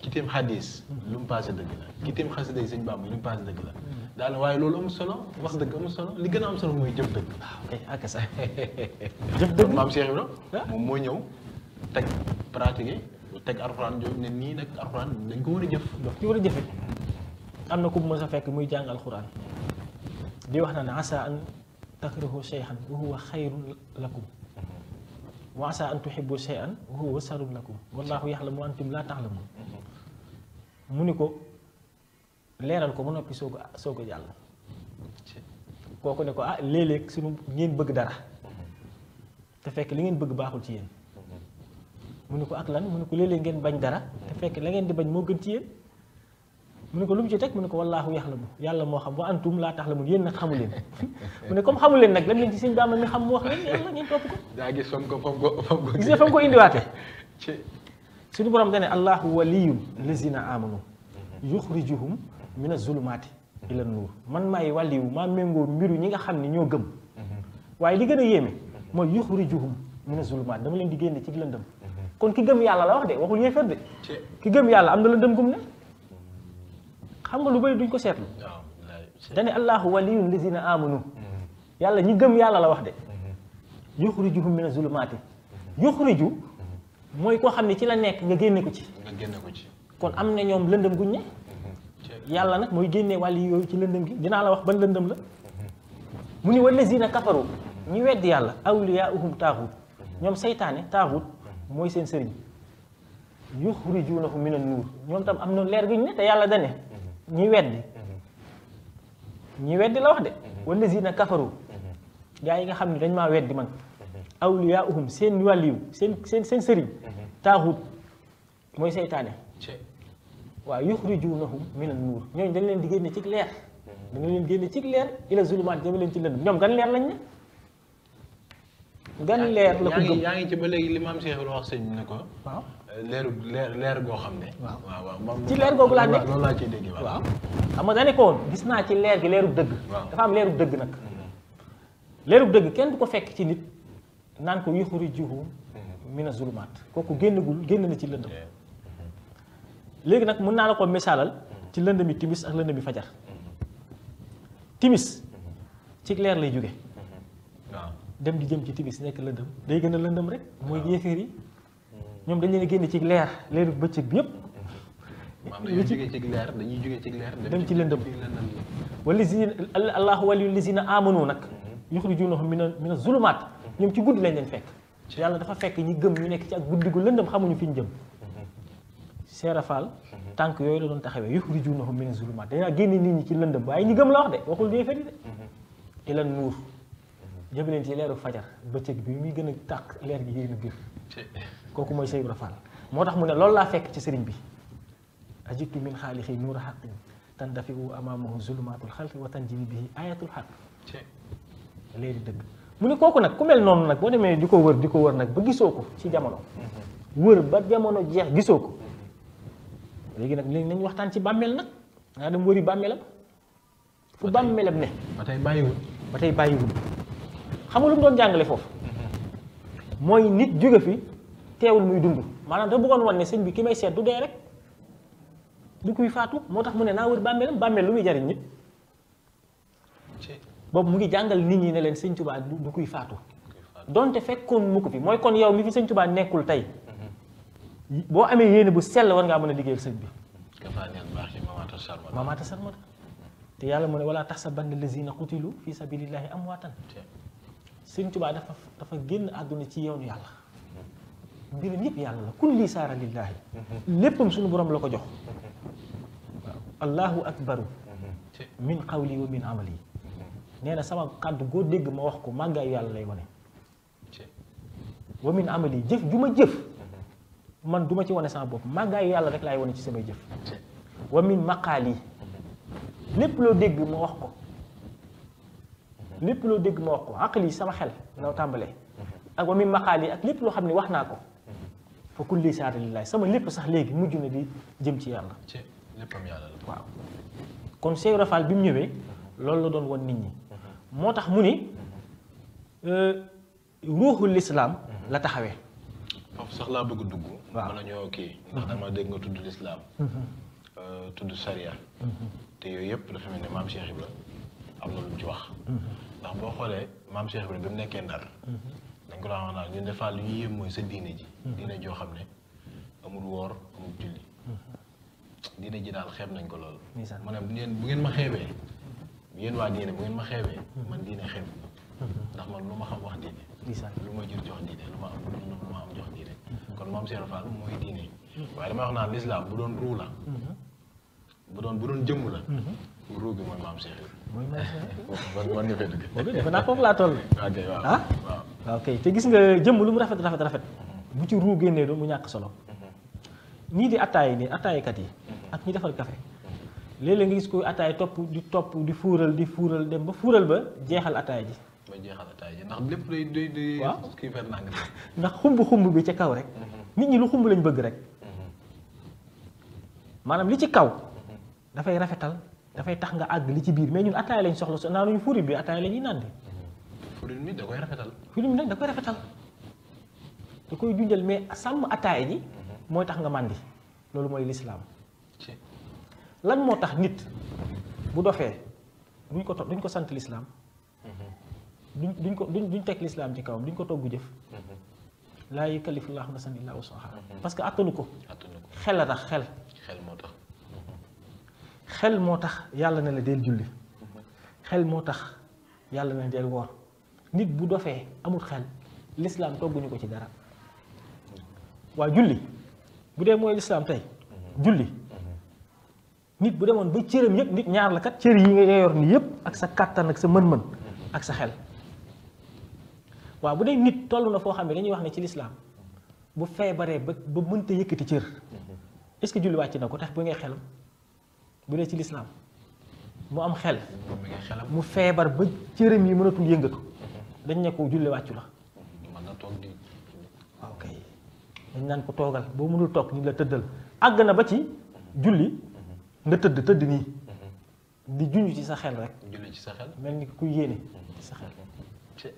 ki tiim xadis. lu dëgg la ki tiim xasida yi sëñ Bàmba lu mu paase dëgg la. daal waaye loolu amul solo wax dëgg amul solo li gën a am solo mooy jëf dëgg. waaw ah, kay ak sax ah. moom moo ñëw teg pratiquer. teg alxuraan nii nag dañ ko war a jëf daf war a jëfe am na ku mu a fekk muy jàng alxuraan di wax ne asa an takrahu shay'an wa huwa xayrun lakum wa asa an tuhibbu shay'an wa huwa sarrun lakum wallahu yaxlamu wa antum laa taxlamun mu ni ko leeral ko ba noppi soo ko soo ko jàll kooku ne ko ah léeg-léeg suñu ngeen bëgg dara te fekk li ngeen bëgg baaxul ci yéen mu ne ko ak lan mu ne ko léeg ngeen bañ dara te fekk la ngeen di bañ moo gën ci yéen mu ne ko lu mu ci teg mu ne ko wallaahu yaxlamu yàlla moo xam wa antum laa tax yéen nag xamu leen mu ne comme xamu leen nag lam ne ci sëñ Bàmba mi xam mu wax leen yàlla ngeen topp ko daa gis fam ko ko fam ko gis nga fam ko indiwaate suñu borom dane allahu waliyul lazina amanu yuxrijuhum min azulumaati ila nuur man maay wàlliwu maa méngoo mbiru ñi nga xam ne ñoo gëm mhm. li gën a yéeme mooy yuxrijuhum min azulumaat dama leen di génne ci lëndëm kon ki gëm yàlla la wax de waxul yéefar de ki gëm yàlla am na la dëm gum ne xam nga lu bëri duñ ko seetlu dane allahu waliyul lazina amanu mhm. yàlla ñi gëm yàlla la wax de mhm. yuxrijuhum mina zulumaati yuxriju mhm. mooy koo xam ne ci la nekk nga génne ko ci nga ko kon am na ñoom lëndëm guñ ne yàlla nag mooy génne wàll yooyu ci lëndëm gi dinaa la wax ban lëndëm la mu ñu ni na kafaru ñu wedd yàlla awliyaahum taaxut ñoom seytaane taaxut mooy seen sëriñ yuxrijuunahu minan nuur ñoom tam am na leer gi ñu ne te yàlla dane ñi weddi ñi weddi la wax de wallazina kafaru gaa yi nga xam ne dañ maa weddi man awliyaahum seen wàlliyu seen seen seen sëriñ taaxut mooy seytaane waaw yuxrijunahum min an nuur ñooñu dañ leen di génne ci leer dañ leen génne ci leer ila zulumaat jëme leen ci lëndëm ñoom gan leer lañ ne nga leer la ko gëm yaa ngi ci ba léegi li maam Cheikh Ibrahima wax sëñ ne ko. waaw euh, leeru leer leer goo xam ne. waaw waaw moom ci leer googu laa nekk loolu waaw. xam nga da ne ko woon gis naa ci leer gi leerub dëgg. dafa am leerub dëgg nag. Mm-hmm. leerub dëgg kenn du ko fekk ci nit naan ko yuxrijuhum mm-hmm. mina zulumaat kooku génnagul génn na ci lëndëm. Mm-hmm. léegi nag mun naa la ko misaalal ci lëndëmi timis ak lëndëmi fajar. timis ci leer lay jóge dem di jëm ci tibis nekk lëndëm day gën a lëndëm rek mooy ah. yéeféer yi ñoom dañ leen génne ci leer leeru bëccëg bi yëpp dañuy jóge ci leer dañuy jóge ci leer dem ci lëndëm wallazina allahu waliyyu lazina amanu nag mhm. yuxrijunahum mina mina zulumaat mhm. ñoom ci guddi lañ leen fekk yàlla dafa fekk ñi gëm nekk ci ak guddi gu lëndëm xamuñu fi ñu jëm mhm. seerafaal tànk yooyu la doon taxawee yuxrijunahum mina zulumaat dañaa génne nit ñi ci lëndëm waaye ñi gëm la wax de waxul yéeféer yi de ila nuur jëm leen ci leeru fajar bëccëg bi muy gën a tàq leer gi gën a biir kooku mooy Cheikh Ibra Fall moo tax mu ne loolu laa fekk ci sëriñ bi ajibtu min xaalixi nuura xaqin tandafiu amaamahu zulumaatul xalqi wa tanjimi bihi ayatul xaq léeri dëgg mu ne kooku nag ku mel noonu nag boo demee di ko wër di ko wër nag ba gisoo ko ci jamono wër ba jamono jeex gisoo ko léegi nag léegi nañ waxtaan ci bàmmeel nag nga dem wëri bàmmeelam fu bàmmeelam ne ba tey bàyyiwul ba tey bàyyiwul xam nga lu mu doon jàngale foofu mooy nit jóge fi teewul muy dund maanaam da bëggoon wan ne sëñ bi ki may seet du dee rek du kuy faatu moo tax mu ne naa wër bàmmeelam bàmmeel lu muy jariñ nit boobu mu ngi jàngal nit ñi ne leen sëñ Tuubaa du kuy faatu donte fekkoon mu ko fi mooy kon yow mi fi sëñ Tuubaa nekkul tey mm-hmm. boo amee yéene bu sell war ngaa mën a liggéeyal sëñ bi mamaata sarmata te yàlla mu ne wala tax sa bann lazina qutilu fi sabilillahi amwaatan sëñ Tuubaa dafa génn àdduna ci yoonu yàlla mbiram yëpp yàlla la kulli saara lillaahi léppam suñu boroom la ko jox waaw allahu akbaru min qawli wa min amali nee na sama kàddu goo dégg ma wax ko màggaayu yàlla lay wane wa min amali jëf ju ma jëf man duma ci wane sama bopp màggaayu yàlla rek lay wane ci samay jëf wa min maqaali lépp loo dégg ma wax ko lépp loo dégg ma wax ko àqal yi sama xel naw tàmbalee ak wa mi maqaal yi ak lépp loo xam ne wax naa ko fa kulli saata lillahi sama lépp sax léegi mujj na di jëm ci yàlla léppam yàlla la waaw kon Cheikh Rafal bi mu ñëwee loolu la doon woon nit ñi moo tax mu ni ruuxul lislaam la taxawee foofu sax laa bëgg dugg waaw mën a ñoo kii ndax dama dégg nga tudd lislaam tudd sariya te yooyu yëpp dafa mel ne maam Cheikh Ibra am na lu mu ci wax ndax boo xoolee maam Cheikh Ibrahima bi mu nekkee ndar dañ ko daan wax naan ñun des fois lu ñu mooy sa diine ji diine joo xam ne amul woor amul julli diine ji daal xeeb nañ ko loolu maanaam bu ngeen bu ngeen ma xeebee yéen waa diine bu ngeen ma xeebee man diine xeeb ndax man lu ma xam wax diine lu ma jur jox diine lu ma am lu ma am jox diine mhm. kon maam Cheikh Fall mooy diine waaye dama wax naan l'islam bu doon ruu la mhm. bu doon bu doon jëmm la. Mhm. ruu gi mooy maam Cheikh. mooy maam Cheikh war nga fee naa foofu laa toll. ok ah? ok te gis nga jëmm lu mu rafet rafet rafet. Mhm. bu ci ruu génnee doon mu ñàkk solo. Mhm. ñii di attaay nii attaayekat yi. ak ñi defar kafe léeg nga gis ko attaay topp di topp di fuural di fuural dem ba fuural ba jeexal attaay ji. ba jeexal attaay ji ndax lépp day day day. waaw kii fer naa ndax xumb xumb bi ci kaw rek. nit ñi lu xumb lañu bëgg rek. maanaam li ci kaw. dafay rafetal dafay tax nga àgg li ci biir mais ñun attaaya lañ soxla su naa furit bi attaaya la naan de. furit bi da koy rafetal. furit bi nag da koy rafetal da koy junjal mais sàmm attaaya ji. mooy tax nga màndi loolu mooy lislaam lañ moo tax nit bu doxee duñ ko duñ ko sant lislaam mhm. duñ duñ ko duñ duñ teg lislaam ci kawam duñ ko togg jëf mhm. laa yukallifu llaahu nafsan illaa wus'ahaa mhm. parce que attanu ko. attanu ko xel la tax xel. xel moo tax. xel moo tax yàlla la del julli xel moo tax yàlla del wor nit bu dofee amul xel l'islam togguñu ko ci dara wa julli bu dee mooy lislaam julli nit bu demone ba cëram yépp nit ñaar la kat cër yi nga yor ni yépp ak sa katan ak sa mën-mën ak sa xel wa bu nit tollu na fo xam dañuy wax ne ci l'islam bu feebaree ba mënta yëkëti cër est-ce que julli wacc na ko tax bu ngay xelam bu dee ci lislaam mu am xel mu feebar ba cëram yi mënatul yëngatu dañ ne ko julli wàccu la waaw kay dañ naan ko toogal boo mënul toog ñu la tëddal àgg na ba ci julli mhm. nga tëdd tëdd nii mhm. di junj ci sa xel rek junj ci sa xel mel ni ku yéene ci sa xel mhm.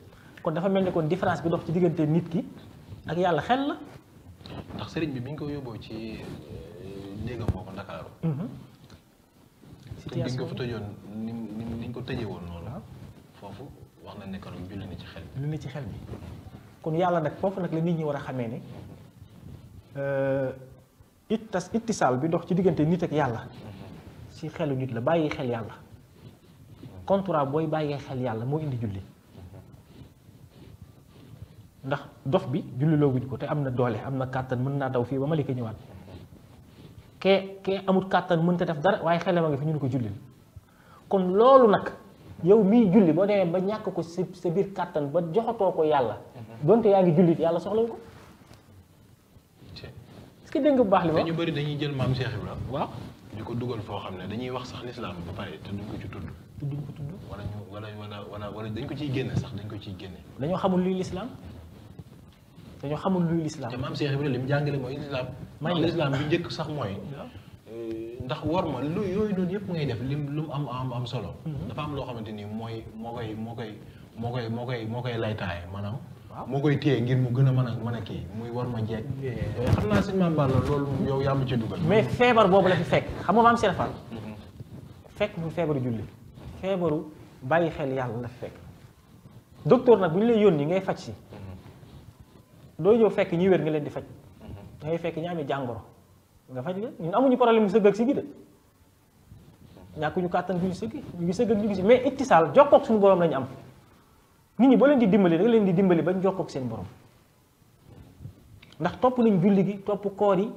kon dafa mel ni kon différence bi dox ci diggante nit ki ak yàlla xel la ndax sëriñ bi bi ñu ko yóbboo ci euh, néegam boobu Ndakaaru situation bi tëjoon ni ni ñu ko tëjee woon noonu. Ah, foofu wax nañ ne na ci xel julli na ci xel bi kon yàlla nag foofu nag la nit ñi war a xamee ne euh, it tas ittisaal bi ndox ci diggante nit ak yàlla. ci mm-hmm. xelu nit la bàyyi xel yàlla. contrat booy bàyyee xel yàlla moo indi julli. Mm-hmm. ndax dof bi julli looguñ ko te am na doole am na kàttan mën naa daw fii ba Malika ñëwaat. kee kee amut kàttan mënta def dara waaye xelam a ngi fi ñu ne ko jullil kon loolu nag yow mii julli boo demee ba ñàkk ko sa sa biir kàttan ba joxatoo ko yàlla mhm. donte yaa ngi jullit yàlla soxla ko est nga baax li ma ñu bëri dañuy jël maam Cheikh Ibrahima ko dugal foo xam ne dañuy wax sax lislaam ba pare te ko ci tudd duñ ko tudd wala ñu wala wala wala dañ ko ciy génne sax dañ ko ciy génne dañoo xamul luy lislaam dañoo xamul luy lislaam. te maam Cheikh Ibrahima li mu jàngale mooy lislaam. may lislaam bi njëkk sax mooy. Eh, ndax war ma lu yooyu noonu yëpp ngay def lim lu am am am solo. Mm-hmm. dafa am loo xamante ni mooy moo koy moo koy moo koy moo koy moo koy laytaaye maanaam. moo koy téye ngir mu gën a mën a mën a kii muy war ma jeeg. Eh, xam naa sëñ Maam Balla loolu yow yaa ma ci dugal. mais feebar boobu la fi fekk xam nga maam Cheikh Fall. Mm-hmm. fekk mu feebaru julli. feebaru bàyyi xel yàlla la fi fekk. docteur nag bu ñu lay yónni ngay faj si. Do ñëw fekk ñi wër nga leen di fajj mhm. ngay fekk ñi amé jangoro nga fajj leen ñun amuñu problème sëgg ak si gi de ñàkkuñu katan guñu sëgg ñu ngi sëgg ak ñu ngi ci mais jokk ak suñu borom lañu am nit ñi bo leen di dimbali da nga leen di dimbali jokk ak seen borom ndax top nañ julli gi top koor yi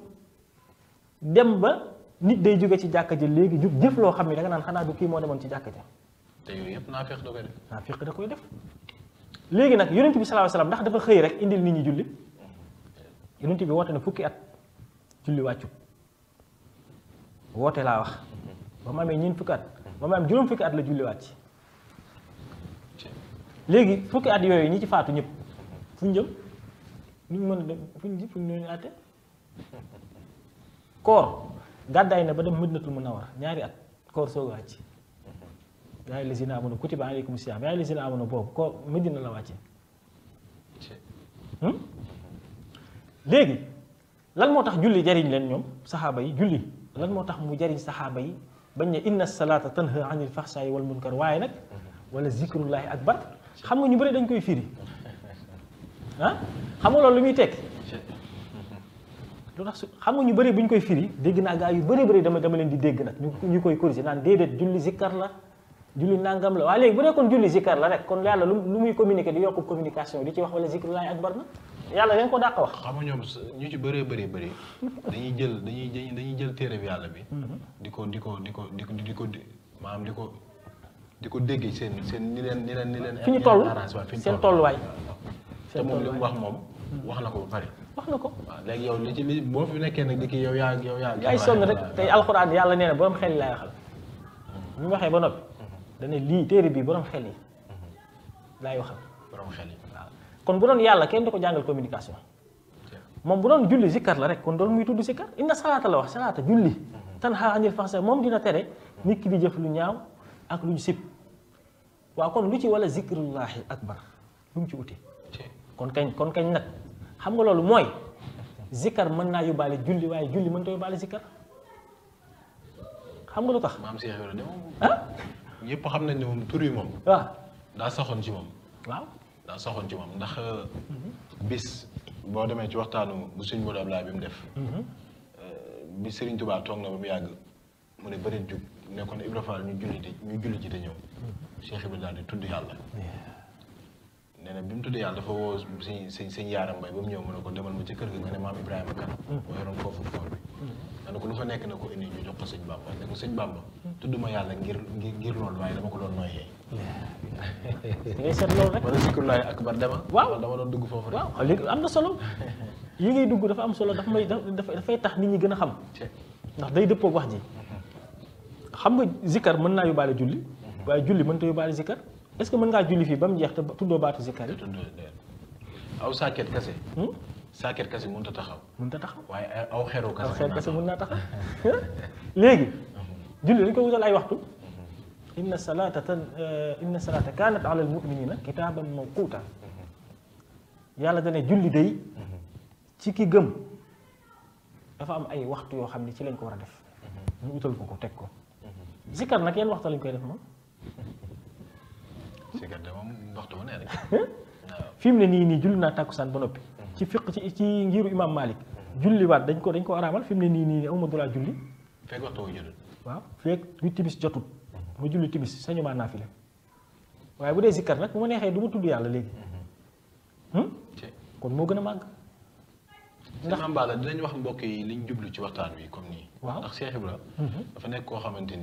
dem ba nit day jóge ci jàkka ja legi jug jëf lo xamni da nga naan xana du ki mo demon ci jàkka ja te yoy yep nafiq do ko def nafiq da koy def léegi nag yonent bi salaahu salaam ndax dafa xëy rek indil nit ñi julli yonent bi woote na fukki at julli wàccu woote laa wax ba mu amee ñeent fukki at ba mu am juróom fukki at la julli wàcc léegi fukki at yooyu ñi ci faatu ñëpp fu ñu jëm ñu mën a dem fu ñu fu ñu àtte koor gàddaay na ba dem Madinatul Munawwara ñaari at koor soog a wàcc يا الذين امنوا كتب عليكم الصيام يا الذين امنوا بوب كو مدينه لا واتي هم لغي لان موتاخ جولي جارين لن نيوم صحابه جولي لان موتاخ مو جارين صحابه بان ان الصلاه تنهى عن الفحشاء والمنكر واي نك ولا ذكر الله اكبر خمو ني بري دنجكاي فيري ها خمو لول لومي تك لو ناس خمو ني بري بنجكاي فيري دغنا غا يو بري بري دما دما لين دي دغ نك ني كوي كورسي نان ديدت جولي ذكر لا julli nangam la waaye léegi bu kon julli zikar la rek kon yàlla lu lu muy communiqué di yokk communication di ci wax wala zikrullahi akbar na yàlla dañ ko dàq wax xam nga ñoom ñu ci bëree dañuy jël dañuy jël téere bi yàlla bi mhm. di ko di ko di ko di ko di ko maanaam di ko di ko déggee seen seen ni leen ni leen ni leen fi ñu toll seen tolluwaay te moom li mu wax moom mhm. wax na ko ba pare wax na ko léegi yow li ci boo fi nekkee nag di yow yaa yow yaa ay sonn rek tey alxuraan yàlla nee na borom xel yi laay waxal mhm. ñu waxee ba noppi dana lii téere bii borom xel yi mhm. laay waxal borom kon bu doon yàlla kenn du ko jàngal communication moom bu doon julli zikkar la rek kon doon muy tudd zikkar inna salaata la wax salaata julli mhm. tan xaa anil faxsa moom dina tere mhm. nit ki di jëf lu ñaaw ak lu sib waaw kon lu ci wala zikrullahi akbar lu mu ci uti kon kañ kon kañ nag xam nga loolu mooy zikkar mën naa yóbbaale julli waaye julli mën ta yóbbaale zikkar xam nga lu tax ñëpp xam nañ ne moom tur yi moom. waaw daa saxoon ci moom. waaw daa saxoon ci moom ndax. Mhm. bis boo demee ci waxtaanu bu suñ Modou Abdoulaye bi mu def. Mhm. Euh, bi Serigne Touba toog na ba mu yàgg mu ne bëri jug nekkoon Ibra Fall ñu julli di ñu julli ji te ñëw. Mhm. Cheikh Ibrahima daal di tudd yàlla. nee na bi mu tudd yàlla dafa woo sëñ sëñ yaaram mbay ba mu ñëw mu ne ko demal ma ci kër ga nga ne maam Ibrahima kan. moo yoroon foofu koor bi. dana ko lu fa nekk na ko indi ñu jox ko sëñ Bamba ne tudduma yàlla ngir ngir loolu waaye dama ko doon nooyee. ngay seet loolu rek. wala sikulaay akbar dama. waaw dama doon dugg foofu rek. waaw léegi am na solo yi ngay dugg dafa am solo dafa may dafay tax nit ñi gën a xam. ndax day dëppoo wax ji. xam nga zikkar mën naa yóbbaale julli. Mhm. waaye julli mënta yóbbaale zikkar. est-ce que mën ngaa julli fii ba mu jeex te tuddoo baatu zikkar yi. aw sàkket kese. Hmm? ساكر كاسي مونتا تخاو مونتا تخاو واي او خيرو كاسي او خير كاسي مونتا تخاو ليغي جولي نكو وصل اي وقتو ان الصلاه تن... آه، ان الصلاه كانت على المؤمنين كتابا موقوتا يالا داني جولي دي تي كي گم دا فا ام اي وقتو يو خامني تي لنج كو ورا ديف ني اوتال كوكو تك كو ذكر نك يين وقتو لنج كاي ديف ما ذكر دا مام وقتو ونه رك فيم لي ني ني جولنا تاكوسان بنوبي ci fiq ci ci ngiru imam malik wat dañ ko dañ ko aramal fimne ni ni amu nii amuma julli fek waxtu wu jotut waaw feeg bu timis jotut ma julli timis sañu ma nafile waye bu dee zikkar nak bu ma neexee du ma tudd yàlla léegi mhm. hmm? kon mo gëna a ndax am Balla dinañ wax mbokk yi liñ jublu ci waxtaan wi comme ni ndax Cheikh Ibra mhm. dafa nekk koo xamante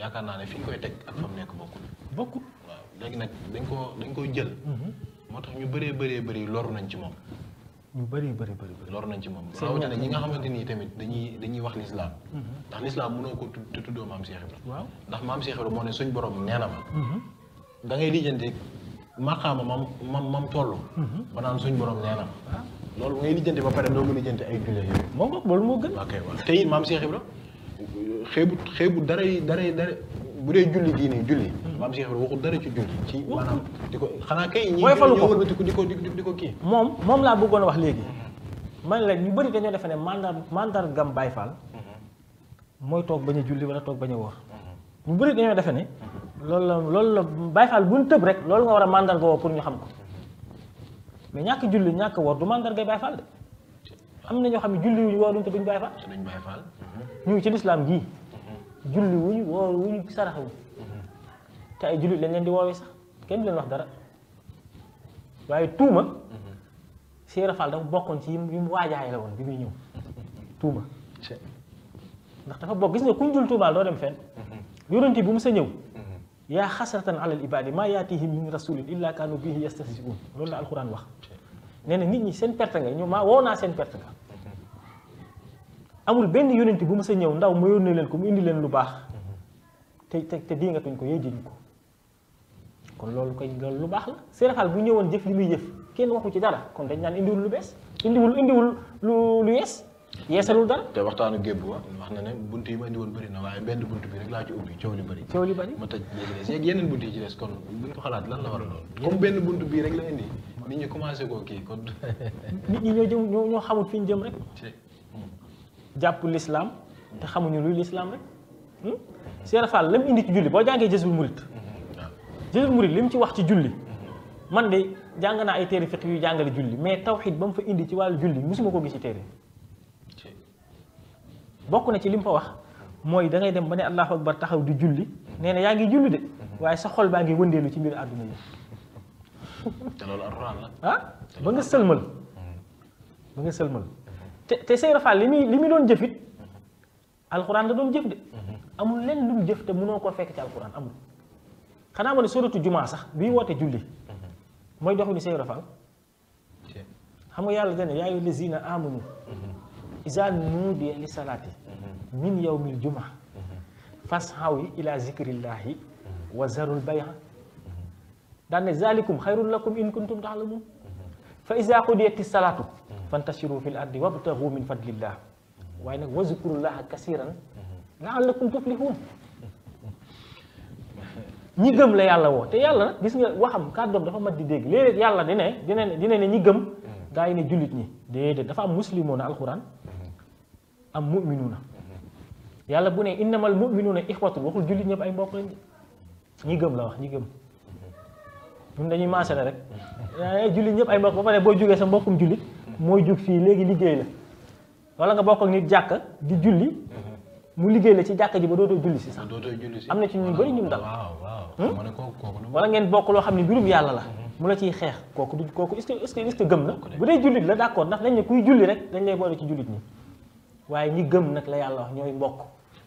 yaakaar ne fi koy tek ak fam nek bokku bokku waaw dañ ko dañ koy jël mhm. moo tax ñu bëree bëree bëri loru nañ ci moom. ñu bari bëri bëri. loru nañ ci moom. soo rawatina ñi nga xamante ni tamit dañuy dañuy wax lislaam mhm. ndax lislaam mënoo ko te tuddoo maam Cheikh Ibra. waaw ndax maam Cheikh Ibra moo ne suñ borom nee na mhm. da ngay lijjanti maqaama mam mam mam toll. Mhm. ba naan suñ borom nee na ma. Ah. loolu ngay lijjanti ba pare doo ko lijjanti ay gile yooyu. moom loolu moo gën. ok waaw te it maam Cheikh Ibra xeebut xeebut dara dara dara bu dee julli gii nii julli. Hmm. waxul dara ci julli. ci maanaam di ko xanaa kay. mooy falu ko ñi di ko kii. moom moom laa bëggoon wax léegi. Hmm. man la ñu bëri dañoo defe ne mandar mandar gam Baye fal hmm. mooy toog bañ a julli wala toog bañ a wóor. ñu bëri dañoo defe ne. loolu la loolu la Baye Fall bu ñu tëb rek loolu nga war a mandarga woo pour ñu xam ko mais ñàkk julli ñàkk woor du mandarga Baye Fall de am na ñoo xam ne julli yu ñu wooruñu te duñ Baye Fall. ñu ngi ci lislaam gii julli wuñu woor wuñu sarax wuñu te ay jullit lañ leen di woowee sax kenn du leen wax dara waaye tuuma Cheikh Fall dafa bokkoon ci yi mu waajaay la woon bi muy ñëw tuuma ndax dafa bokk gis nga kuñ jul tuumaal doo dem fenn yonente bu mu sa ñëw yaa xasratan ala al ibadi maa yaatihim min rasulin illa kaanu bihi yastahziun loolu la alquran wax nee na nit ñi seen perte nga ñoom maa woo naa seen perte nga amul benn yónent bu ma sa ñëw ndaw ma yónnee leen ko mu indi leen lu baax te te te dii nga ko yéej ñu ko kon loolu koy loolu lu baax la seerafaal bu ñëwoon jëf li muy jëf kenn waxu ci dara kon dañ naan indiwul lu bees indiwul indiwul lu lu yees yeesalul dara te waxtaanu gébb wa wax na ne bunt yi ma indi woon bëri na waaye benn bunt bi rek laa ci ubbi coow li bëri li bëri ma tëj bunt yi ci des kon buñ ko lan la war benn bunt bii rek la indi nit ñi commencé ko kii kon nit ñi ñoo jëm ñoo xamul fi ñu jëm rek japp l'islam te xamuñu lu l'islam rek hmm? Cheikh Fall la indi ci julli bo jangé jesu Murid jesu Murid lim ci wax ci julli man de jàng naa ay téré fiqh yu jàngale julli mais tawhid bam fa indi ci wal julli musuma ko gis ci téré bokku na ci lim fa wax moy da ngay dem bané allahu akbar taxaw di julli néna na julli de waye sa xol baa ngi ci mbiru aduna yi te la ah ba nga selmal hmm. ba nga selmal te te Seyra li muy li muy doon jëfit alxuraan la doon jëf de. Mhm. amul lenn lu jëf te mënoo koo fekk ci alxuraan amul. xanaa ma ne suratu jumaa sax bi woote julli. Mhm. mooy doxu ni Seyra Fall. xam nga yàlla dana yaa ayyuha lazina amanu. Mhm. izaa nuudiya li salaati. min yawmil jumaa. fashaw ila zikrillahi wa zarul bay' daan ne zaalikum xayrun lakum in kuntum taalamun fa izaa qudiyati salaatu. fantashiru fil ardi wabtagu min fadlillah waaye nag wazkurullaha kasiran laallakum tuflihun ñi gëm la yàlla woo te yàlla nag gis nga waxam kàddoom dafa mat di dégg léeg yàlla dina dina ne dina ne ñi gëm gaa yi ne jullit ñi déedéet dafa am muslimoona alquran am muminuuna yàlla bu ne innamal muminuuna ixwatun waxul jullit ñëpp ay mbokk lañ ñi gëm la wax ñi gëm ñun dañuy maasale rek jullit ñëpp ay mbokk ba pare boo jógee sa mbokkum jullit mooy jug fii léegi liggéey la wala nga bokk ak nit jàkk di julli mu liggéey la ci jàkk ji ba dootoo julli si sax am na ci ñu bëri ñum dal hmm? wala ngeen bokk loo xam ne birum yàlla la hmm. mu la ciy xeex kooku du kooku est-ce que est-ce que gëm na bu dee jullit la d'accord ndax dañ ne kuy julli rek dañ lay boole ci jullit ñi waaye ñi gëm nag la yàlla wax ñooy mbokk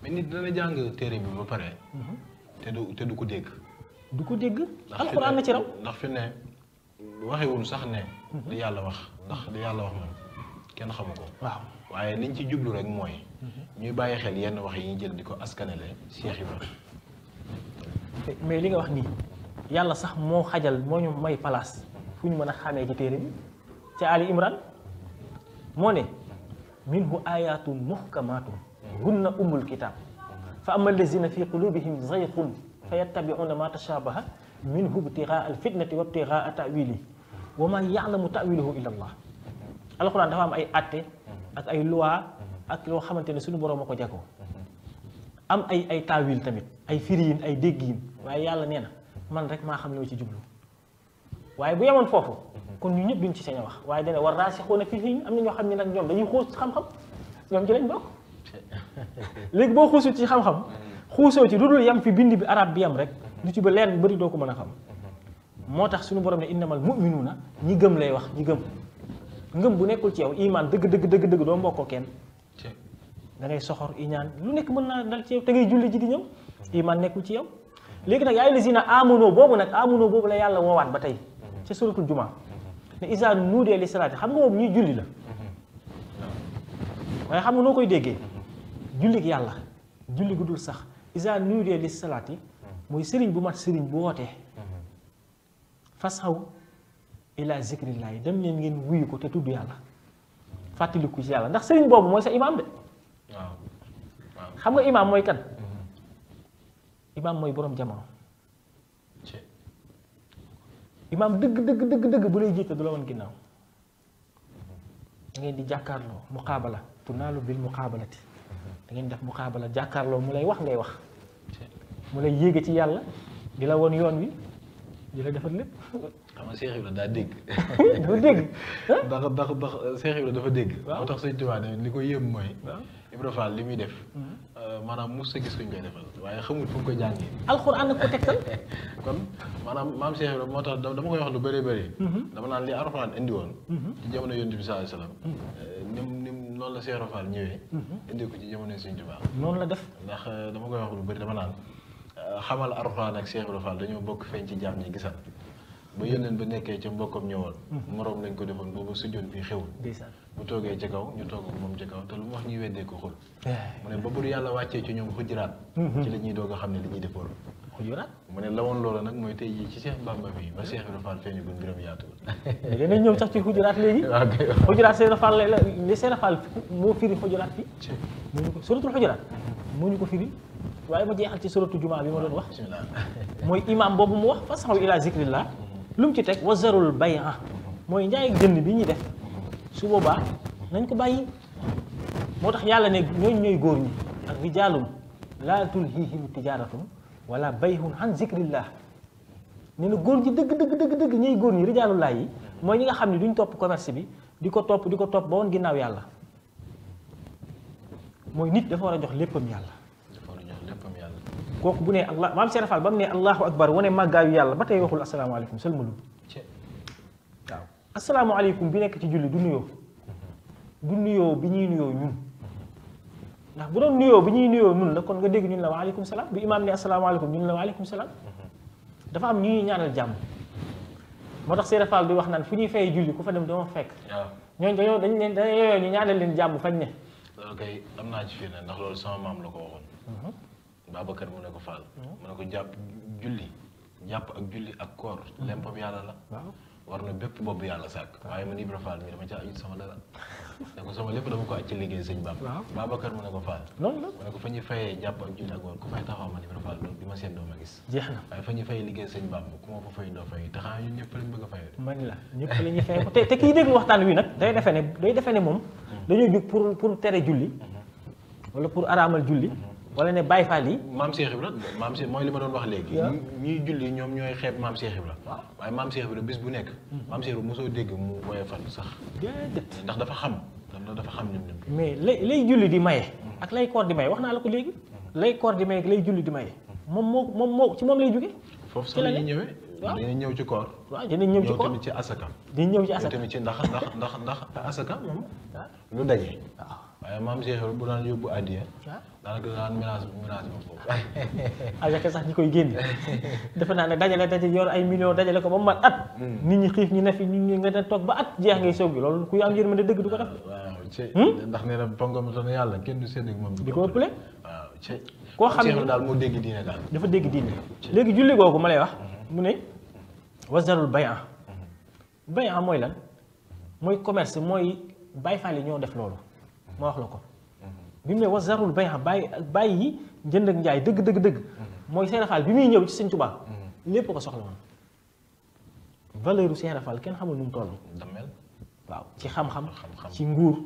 mais nit dana jàng téere bi ba pare hmm. te du te du ko dégg du ko dégg alxuraan na ci raw ndax fi ne waxewul sax ne yàlla wax ndax li yàlla wax moom kenn xamu ko. waaw waaye liñ ci jublu rek mooy. ñuy bàyyi xel yenn wax yi ñu jël di ko askanale Cheikh Ibrahima. mais li nga wax nii yàlla sax moo xajal moo ñu may place fu ñu mën a xamee ci téere bi ci Ali Imran moo ne minhu ayatun muhkamatun hunna ummul kitab fa ama allazina fi qulubihim zayqun fa yattabiuna ma tashabaha minhu ibtigaa alfitnati wa ibtigaa tawili wa maa yaalamu tawiluhu illa allah alxuraan dafa am ay atte ak ay loi ak loo xamante ne suñu borom ko jagoo am ay ay taawil tamit ay firiyin ay déggiin waaye yàlla nee na man rek maa xam loo ci jublu waaye bu yemoon foofu kon ñu ñëpp duñ ci sañ a wax waaye dana war raasixuuna fil ilm am na ñoo xam ne nag ñoom dañuy xuus xam-xam ñoom ci lañ bokk léegi boo xuusul ci xam-xam xuusoo ci lu dul yam fi bind bi arab bi yam rek lu ci ba leen bëri doo ko mën a xam moo tax suñu borom ne innamal na ñi gëm lay wax ñi gëm ngëm bu nekkul ci yow imaan dëgg dëgg dëgg dëgg doo mbokkoo kenn da ngay soxor iñaan lu nekk mën naa dal ci yow te ngay julli ji di ñëw imaan nekkul ci yow léegi nag yaay lisina amunoo boobu nag amunoo boobu la yàlla woowaat ba tey ca suratul jumaa ne isa nuudee li yi xam nga boobu ñuy julli la waaye xam nga noo koy déggee jullig yàlla julli gu sax sax isa nuudee li yi mooy sëriñ bu mat sëriñ bu wootee fasaw ila yi dem leen ngeen wuyu ko te tudd yàlla fàttaliku ci yàlla ndax sëriñ boobu mooy sa imaam de. xam nga imaam mooy kan. imaam mooy boroom jamono. imaam dëgg dëgg dëgg dëgg bu lay jiite du la woon ginnaaw. da ngeen di jàkkaarloo muqaabala tunaalu bil muqaabalati da dangeen def muqaabala jàkkaarloo mu lay wax ngay wax. mu lay yéege ci yàlla di la woon yoon wi. ji la defar lépp. xam nga Cheikh Ibrahima daa dégg. dafa dégg. ndax dégg. waaw moo tax sëñ Tuubaa ne li ko yëm mooy. waaw Ibra li muy def. Hmm. Euh, maanaam mos sa gis kuñ koy defal waaye xamul fu koy jàngee. alxuraan nag ko tegtal. kon maanaam maam Cheikh Ibrahima moo tax dama lu bëree bëri. Hmm. dama naan li alxuraan indi woon. Hmm. ci jamono Yonent bi sallallahu alayhi wasallam. Euh, noonu la Cheikh Ibrahima ñëwee. indi ko ci jamono Sëñ Tuubaa. noonu la def ndax euh, dama koy wax lu bëri dama naan. xamal Alxuraan ak Cheikh Ibra Fall dañoo bokk feeñ ci jaam ñi gisal ba yónneen ba nekkee ca mbokkam ñëwal mm-hmm. moroom lañ ko defoon boobu sujjoon bi xewul bu toogee ci kaw ñu toog moom ci kaw te lu mu wax ñuy weddee ko xul eh. mu ne ba bur yàlla wàccee ci ñoom xujraat mm-hmm. ci la ñuy doog a xam ne li ñuy defoon xujuraat mu ne lawoon loola nag mooy tey jii ci Cheikh Bamba bi ba Cheikh Ibra Fall feeñu gun mbiram yaatu mais dinañ ñëw sax ci xujuraat léegi xujuraat la li Cheikh Ibra moo firi xujuraat fi moo ñu ko suratul xujuraat firi waaye ma jeexal ci suratu jumaa bi ma doon wax mooy imam boobu mu wax fasaxaw ila zikrillah mhm. lu mu ci teg wa zarul bay'a mhm. mooy njaay ak bi ñuy def mhm. su boobaa nañ ko bàyyi moo tax yàlla ne ñooñ ñooy góor ñi ak rijaalum laa tulhiihim tijaaratun wala bayhun an zikrillah nee na góor ji dëgg dëgg dëgg dëgg ñooy góor ñi rijaalullah yi mooy ñi nga xam ne duñ topp commerce bi di ko topp di ko topp ba woon ginnaaw yàlla mooy nit dafa war a jox léppam yàlla. dafa war kooku bu ne allah maam Cheikh Fall ba mu ne allahu akbar wane màggaayu yàlla ba tey waxul asalaamaaleykum sëlmalu. waaw asalaamaaleykum bi nekk ci julli du nuyoo. du nuyoo bi ñuy nuyoo ñun. ndax bu doon nuyoo bi ñuy nuyoo nun la kon nga dégg ñun la waaleykum salaam bu imaam ne asalaamaaleykum ñun la waaleykum salaam dafa am ñuy ñaanal jàmm moo tax Serigne Fall bi wax naan fu ñuy fay julli ku fa dem dama fekk. waaw ñooñu dañoo leen dañoo yooyoo ñu ñaanal leen jàmm fañ ne. loolu kay am naa ci fii ne ndax loolu sama maam la ko waxoon. Mhm. Babacar mu ne ko Fall. Mhm. mu ne ko jàpp julli jàpp ak julli ak koor mhm. lempam yàlla la. war na bépp bopp yàlla sàkk waaye man Ibra Fall mi dama ca ajut sama dara ne ko sama lépp dama ko aj ci liggéey sëñ Bam Babacar mu ne ko ko fa man Ibra Fall loolu bi ma gis jeex na waaye fa ñuy fayee liggéey sëñ Bam ku ma fa fay doo fay taxaa ñun ñëpp bëgg a fayee man la ñëpp la ñuy fayee te te kiy waxtaan wi nag day defee ne day defee ne moom mm-hmm. dañoo jóg pour pour tere julli mm-hmm. wala pour araamal julli mm-hmm. wala ne Baye Fall yi. maam Cheikh Ibra maam Cheikh mooy li ma doon wax léegi. waaw julli ñoom ñooy xeeb maam Cheikh Ibra. waaw waaye maam Cheikh Ibra bis bu nekk. Mm-hmm. maam Cheikh Ibra mosoo dégg mu woyofal sax. déedéet ndax dafa xam dafa xam ñun ñun. mais lay lay julli di maye. Mm-hmm. ak lay koor di maye wax naa la ko léegi. Mm-hmm. lay koor di maye lay julli di maye. moom moo moom moo ci moom lay jóge. foofu sax la ñuy ñëwee. waaw ñëw ci koor. waaw dinañ ñëw ci koor ñëw ci asaka. dinañ ñëw ci asaka ci ndax ndax ndax ndax asaka moom lu daje. waaw waaye maam Cheikh bu daan yóbbu addiya daanaka daan mélange mélange boobu ajaka sax ñi koy génne defe naa ne dajale daje yor ay million dajale ko ba mu mat at hmm. nit ñi xiif ñi ne fi ñu ñu nga ne toog ba at jeex ngay soog gi loolu kuy am yërmande dëgg du ko def waaw hmm? ndax nee na pangom tan yàlla kenn du sédd ak moom di ko koo xam ne daal moo dégg diine daal dafa dégg diine léegi julli googu ma lay wax hmm. mu ne wasarul bayan bayan mooy lan mooy commerce mooy Baay Faal yi ñoo def loolu ma wax la ko bi mu ne wa zarul bayha bàyyi bàyyi yi njënd ak njaay dëgg dëgg dëgg mooy Seex Ibra Faal bi muy ñëw ci Sëñ Tuubaa lépp ko soxla woon valeur u Seex Ibra Faal kenn xamul nu mu toll waaw ci xam-xam ci nguur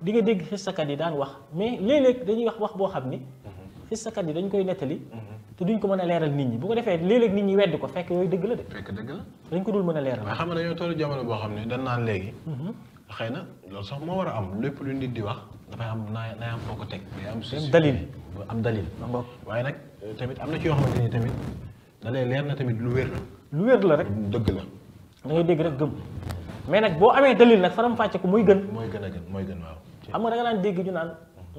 di nga dégg xistakat yi daan wax mais léeg-léeg dañuy wax wax boo xam ni xistakat yi dañ koy nettali te duñ ko mën a leeral nit ñi bu ko defee léeg-léeg nit ñi wedd ko fekk yooyu dëgg la de fekk dëgg la dañ ko dul mën a leeral waaye xam nga dañoo toll jamono boo xam ne dañ naan léegi xëy na loolu sax moo war a am lépp lu nit di wax naa naa am ko teg. am suuf dalil am dalil. waaye nag tamit am na ci yoo xamante da lay na tamit lu wér lu wér la rek dëgg la. da ngay dégg mais nag boo amee dalil nag faram fàcce mooy gën mooy gën waaw. xam nga da nga daan dégg ñu naan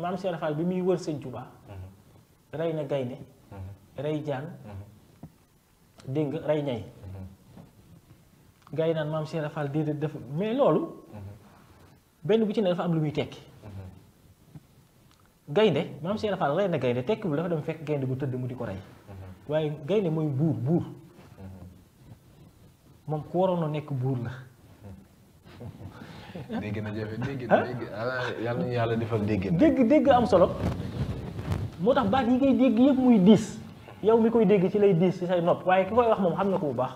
maam Cheikh Fall bi muy wër sëñ Touba. Mhm. rey na gaynde mhm. rey jaan mhm. dégg nga rey ñay. gars yi naan maam Cheikh Fall déedéet def mais loolu. ben bu ci ne dafa am lu muy tekki gaynde mam Cheikh Fall lay ne gaynde tekkiwul dafa dem fek gaynde bu teud mu diko ray waye gaynde moy bour bour mom ko warono nek bour la. degg na jafe degg ala yalla ñu yalla defal degg degg degg am solo motax baat yi ngay degg yëpp muy 10 yow mi koy degg ci lay 10 ci say nopp waye ki koy wax mom xam na ko bu baax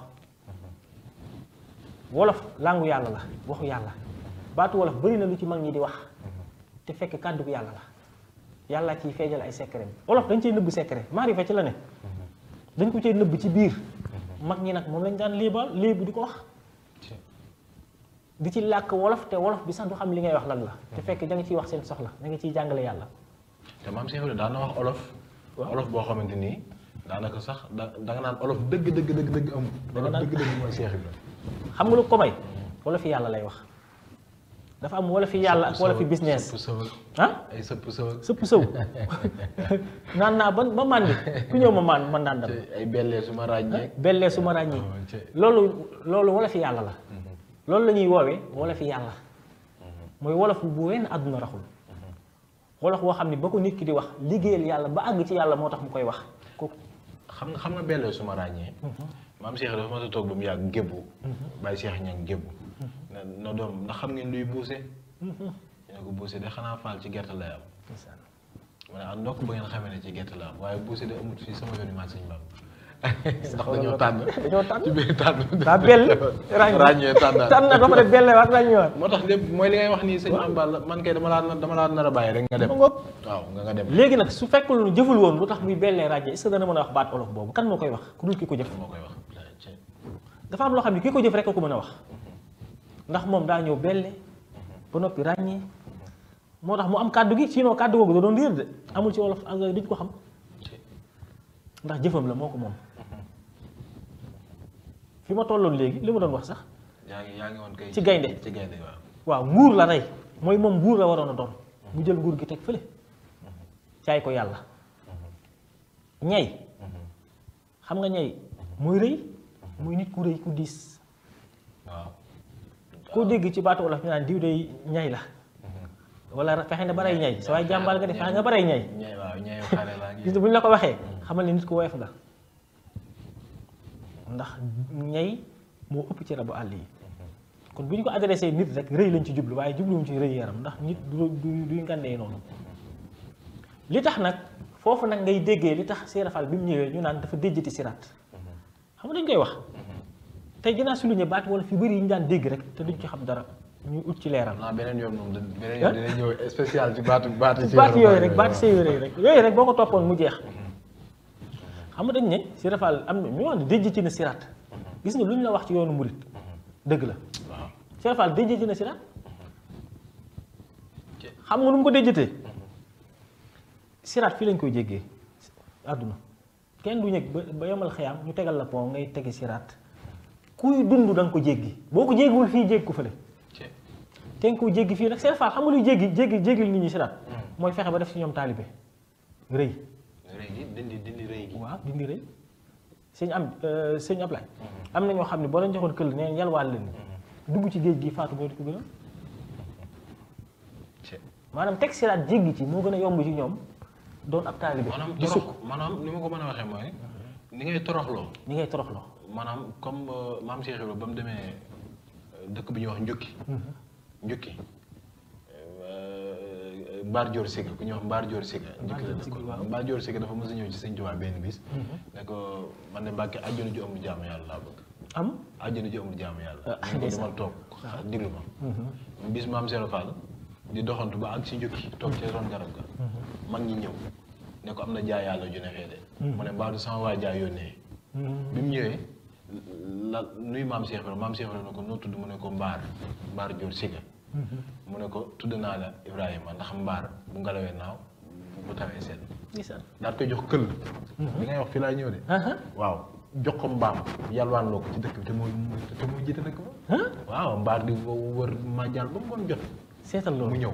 wolof langu yalla la waxu yalla batu wolof bari na lu ci mag ñi di wax te fekk kaddu gu yalla la yalla ci fegal ay secret wolof dañ cee neub secret maarifa ci la ne dañ ko cee neub ci bir mag ñi nak mom lañ daan libal léebu di ko wax di ci lak wolof te wolof bi sax du xam li ngay wax lan la te fekk da nga ciy wax seen soxla da nga ci jangale yalla te mam Cheikh da na wax olof olof bo xamanteni da naka sax da nga nan olof deug deug deug deug am deug Cheikh xam nga lu ko may wolof yalla lay wax dafa am wala fi yalla ak wala fi business ah ay sëpp sëw sëpp sëw nan na ban ba màndi ku ñew ma man man naan ay belle suma ma belle suma su oh, lolu lolu wala fi yalla la mm-hmm. lolu lañuy wowe wala fi moy wala fu bu wen aduna raxul mm-hmm. wolof woo xamni bako nit ki di wax liggéeyal yalla ba ag ci yalla motax mu koy wax xam nga xam nga belle suma ma mam mm-hmm. Cheikh dafa ma tok bu mu yag gebu bay Cheikh ñang gebu na doom ndax xam ngeen luy buuse ñu mm-hmm. ne ko buuse de xanaa faal ci gerte lay am ma ne ah ndokk ba ngeen xamee ne ci gerte la am waaye buuse de amut fii sama yoonu maag sëñ Bamba ndax dañoo tànn dañoo tànn ci biir ba pare bellee waat ràññewaat moo tax lépp mooy li ngay wax la man kay dama laa nar a bàyyi rek nga dem waaw nga nga dem léegi nag su fekkul lu jëful woon lu tax muy bellee ràññee est dana mën a wax baat olof boobu kan moo koy wax ku dul ki ko jëf moo koy dafa am loo xam ne ki ko jëf rek ko mën a wax mm-hmm. ndax moom daa ñëw belle mhm. ba noppi ràññee moo tax mu am kàddu gi sinon kàddu googu da doon réer de amul ci wolof ak yooyu duñ ko xam ndax jëfam la moo ko moom fi ma tolloon léegi li ma doon wax sax. yaa yaa ngi woon kay ci gaynde ci gaynde waaw. nguur la rey mooy moom nguur la waroon a doon mu jël nguur gi teg fële caay mhm. ko yàlla mhm. ñay xam nga ñay mooy rëy mooy nit ku rëy ku diis waaw. koo dégg ci baatu wolof ñu naan diw day ñay la wala fexe na baray ñay sa waay jàmbaar nga def fexe nga baray ñay gis bu ñu la ko waxee xamal ne nit ku woyof nga ndax ñay moo ëpp ci rabu àll yi kon bu ñu ko adressé nit rek rëy lañ ci jublu waaye jubluwuñ ci rëy yaram ndax nit du duy ngàndee noonu li tax nag foofu nag ngay déggee li tax Sëriñ Faal bi mu ñëwee ñu naan dafa déjjati siraat xam nga dañ koy wax tey dinaa souligner baat wala fi bëri yi ñu daan dégg rek te duñ ci xam dara ñu ut ci leeral. ah beneen yoon moom beneen yoon dina ñëw spécial ci baatu baatu. baatu yooyu rek baatu see rek yooyu rek boo ko toppoon mu jeex. xam nga dañ ne sirafal am na ñu wax ne déjj ci na siraat la wax ci yoonu murit dëgg la. waaw sirafal déjj na siraat xam nga nu ko déjjatee siraat fii lañ koy jéggee àdduna kenn du ñëg ba yomal xëyaam ñu tegal la pont ngay tegi siraat. kuy dund da ko jéggi boo ko jéggiwul fii jéggi ko fële te nga ko jéggi fii nag seen faal xam nga luy jéggi jéggi jéggil nit ñi si daal hmm. mooy fexe ba def si ñoom taalibe rëy dindi dindi rëy gi waaw dindi rëy sëñ am euh, sëñ Ablaye hmm. am na ñoo xam ne boo leen joxoon këll neen yalwaal leen hmm. dugg ci géej gi faatu moo di ko gën maanaam teg siraat jéggi ci moo gën a yomb ci ñoom doon ab taalibe di sukk maanaam ni ma ko mën a waxee mooy ni ngay toroxloo ni ngay toroxloo manaam comme euh, maam Cheikh Ibrahima ba mu demee euh, dëkk bu ñuy wax Njukki. Mhm. Njukki. Euh, Mbaar Joor Siga ku ñuy wax Mbaar Joor Siga. Mbaar Joor Siga waaw Mbaar Joor dafa mos ñëw ci sëñ Tuubaa benn bis. Mhm. ne ko man de Mbàkke àjjana ju amul jaamu yàlla laa bëgg. am àjjana ju ah, ah. mhm. di doxantu ba ak si Njukki. toog ci ron garab ga. mag ñi ñëw ne ko am na jaay yàlla ju ne xee mu ne mbaa sama waa jaay yónnee. bi mu ñëwee la nuy maam Cheikh Ibrahima maam Cheikh Ibrahima ne ko noo tudd mu ne ko Mbaar Mbaar Diop Siga. Mhm. mu ne ko tudd naa la Ibrahima ndax Mbaar bu ngalawee naaw bu tawee seen. incha allah daal koy jox këll. Mhm. li ngay wax fii laa ñëw de. Uh-huh. waaw jox ko mbaam yàlwaan loo ko ci dëkk bi te mooy te mooy jiite dëkk ba. waaw mbaar di wër ma jàll ba mu ngoon jot. seetal loolu mu ñëw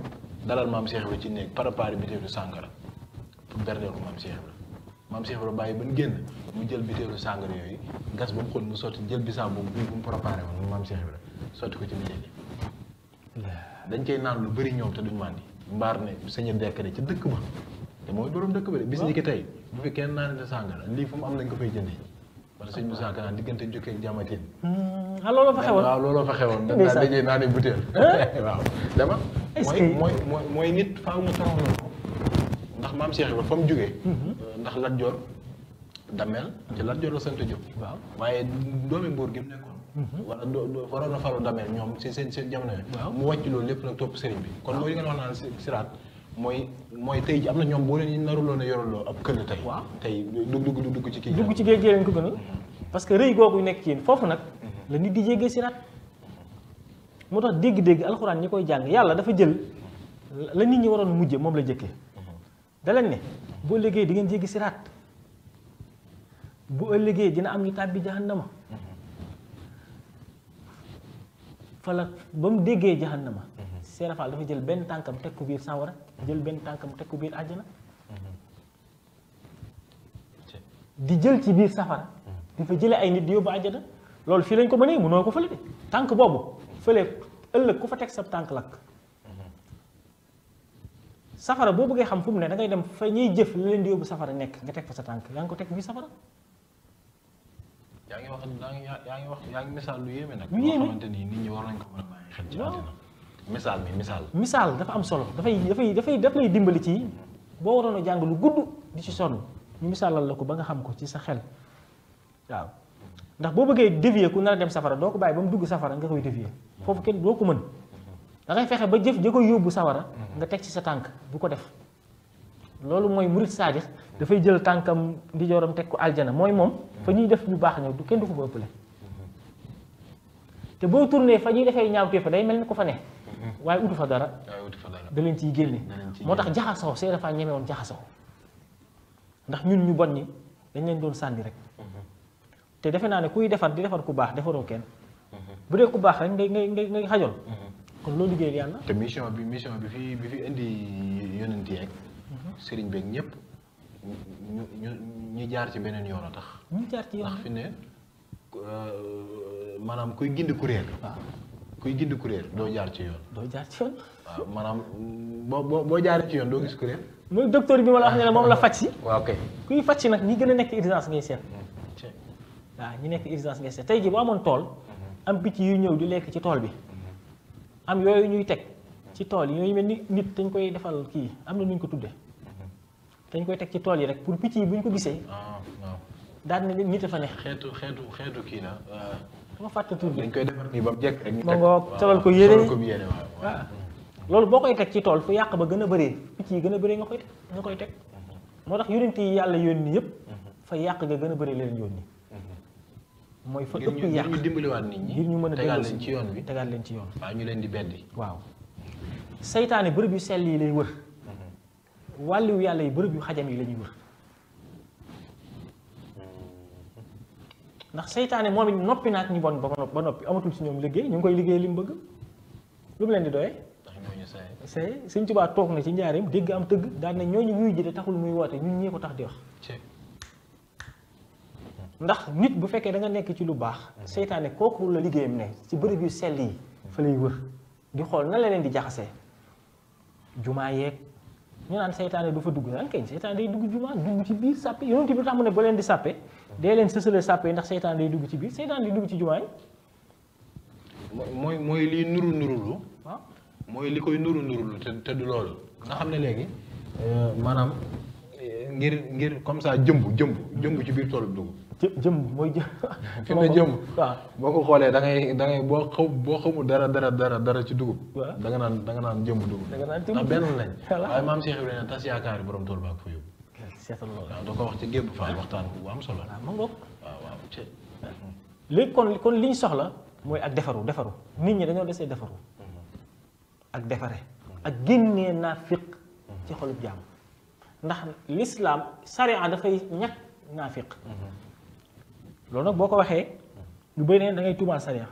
dalal maam Cheikh Ibrahima ci néeg préparé bi teew du sàngara pour berdeel ko maam Cheikh Ibrahima. mam Cheikh Ibra baye ban genn mu jël bitéru sàngara yoy gas bu xol mu soti jël bisaab bu bu mu préparé won mam maam Cheikh Ibra sotti ko ci bitéel yi dañ cey nan lu bari ñom té duñ màndi mbar né sañu dékk né ci dëkk ba té moy borom dëkk ba bis ni ki tay bu fi kenn nan na sàngara li fu mu am lañ ko fay jëndé wala sëñ Moussa kan digënté diggante ak Jamatin ha hmm, ah, lolo fa xewon waaw lolo fa xewon da daan dajé nan ne butéel waaw dama moy moy moy nit faaw mu toroxloo ndax mam Cheikh Ibra fam mu mhm. ndax Lat Joor Damel ci Lat Joor la sant Jóob waaw waaye doomi Mbuur gi mu nekkoon mhm. wala doo waroon a faru Damel ñoom si seen seen jamono yi mu wàcc loolu lépp nag topp sëriñ bi kon mooy li nga wax naan siraat mooy mooy tey ji am na boo leen naruloo ne yoruloo ab këll tey waaw tey dugg dugg dugg ci kii dugg ci géej leen ko gënal mhm. parce que rëy googu nekk ci yéen foofu nag mhm. la nit di jéggee siraat moo tax dégg-dégg alxuraan ñi koy jàng yàlla dafa jël la nit ñi waroon mujje moom la jëkke da ne bu ëllëgee di ngeen jéggi siraat bu ëllëgee dina am ñu tàbbi jahannama fala ba mu déggee jahannama seerafal dafa jël benn tànkam teg ku biir sawara jël benn tànkam teg ku biir àjjana di jël ci biir safara di fa jële ay nit di yóbbu àjjana loolu fii lañ ko mu noo ko fële de tànk boobu fële ëllëg ku fa teg sa tànk lakk safara boo bëggee xam fu mu ne da ngay dem fa ñuy jëf li leen di yóbbu safara nekk nga teg fa sa tànk yaa ngi ko teg fii safara. ngi wax yaa ngi wax yaa ngi misaal lu yéeme nag. lu yéeme loo xamante ni nit ko mën a bàyyi xel ci dafa am solo dafay dafay dafay daf lay dimbali ci boo waroon a jàng lu gudd di ci sonn ñu misaalal la ko ba nga xam ko ci sa xel waaw ndax boo bëggee dévier naa nar dem safara doo ko bàyyi ba mu dugg safara nga koy dévier mm-hmm. foofu kenn doo ko mën. dangay fexe ba jëf ja yóbbu sawara nga teg ci sa tànk bu ko def loolu mooy murit saadix dafay jël tànkam ndijooram teg ko aljana mooy moom fa ñuy def ñu baax ñëw du kenn du ko fa ëppale te boo tourné fa ñuy defee ñaawtee fa day mel ni ko fa ne waaye utu fa dara da leen ciy génne moo tax jaxasoo see dafa ñeme woon jaxasoo ndax ñun ñu bon ni dañ leen doon sànni rek te defe naa ne kuy defar di defar ku baax defaroo kenn mhm. bu dee ku baax rek ngay ngay ngay xajoon mhm. kon loo liggéeyal yàlla. te mission bi mission bi fi bi fi indi yonent yeeg. Mhm. sëriñ beeg ñëpp ñu ñu ñu jaar ci beneen yoon a tax. ñu jaar ci yoon ndax euh, kuy gindi kuréel. kuy gindi kuréel doo jaar ci yoon. doo jaar maanaam boo boo boo jaar ci yoon doo gis kuréel. mooy docteur bi ma la wax ne la moom la faj si. Ah, waaw kay kuy faj si nag ñi gën a nekk urgence ngay seet. Hmm, waaw ñi nekk urgence ngay seet tey jii boo amoon tool. Hmm, hmm. am picc yuy ñëw di lekk ci tool bi. am yooyu ñuy teg ci tool yooyu mel ni nit dañ koy defal kii am na nu ñu ko tuddee dañ koy teg ci tool yi rek pour picc yi bu ñu ko gisee. Ah, daal di ne nit a fa ne. xeetu xeetu xeetu kii la. Euh, dama fàtte tur bi dañ koy defar nii ba mu jekk rek ñu teg ma ngoog solal ko yére ah. loolu boo koy teg ci tool fu yàq ba gën a bëree picc yi gën a bëree nga koy teg nga koy teg mhm. moo tax yonent yi yàlla yónni yëpp mhm. fa yàq nga gën a bëree leen yónni mooy fa ëpp yàq ngir ñu mën a tegaat leen ci yoon bi tegaat leen ci yoon waaw ñu leen di beddi waaw seytaane bërëb yu sell yi lay wër mhm. wàlliwu yàlla yi bërëb yu xajam yi la ñuy wër ndax seytaane moom it noppi naak ñu bon ba noppi amatul si ñoom liggéey ñu ngi koy liggéey li mu bëgg lu mu leen di doyee say Sëñ Tuubaa toog na ci njaareem dégg am tëgg daal na ñooñu wuy ji de taxul muy woote ñun ñii ko tax di wax ndax nit bu fekke da nga nek ci lu baax seytaane kooku la ligéyam ne ci bërëb yu sel yi fa lay wër di xol na la leen di jaxassé juma yek ñu naan setané du fa dugg naan kañ setané day dugg juma dugg ci biir sàppe ti bi tax mu né bo leen di sàppe dé leen sësale sàppe ndax setané day dugg ci biir setané day dugg ci juma moy moy li nuru nurulu moy li koy nuru nurulu te té du lool nga xamné légui euh manam euh, ngir ngir comme ça jëmbu jëmbu jëmbu ci biir tolu dugg jë jëm mooy jë. fi mu ne jëm waaw boo ko xoolee da ngay da ngay boo xaw boo xamul dara dara dara dara ci dugub. da nga naan da nga naan jëm dugub. da nga naan jëm benn lañ. waaye maam Cheikh Ibrahima tas yaakaar borom tool ba ak fa yóbbu. seetal loolu waaw da ko wax ci gébb fa waxtaan bu am solo. waaw ma ngoog waaw waaw ci. léegi kon kon li ñu soxla mooy ak defaru defaru nit ñi dañoo desee defaru. ak defare ak génnee naafiq ci xolub jaam ndax l'islam sariya dafay ñàkk naafiq mhm. loolu nag boo ko waxee lu bëri na da ngay tuumaal sariya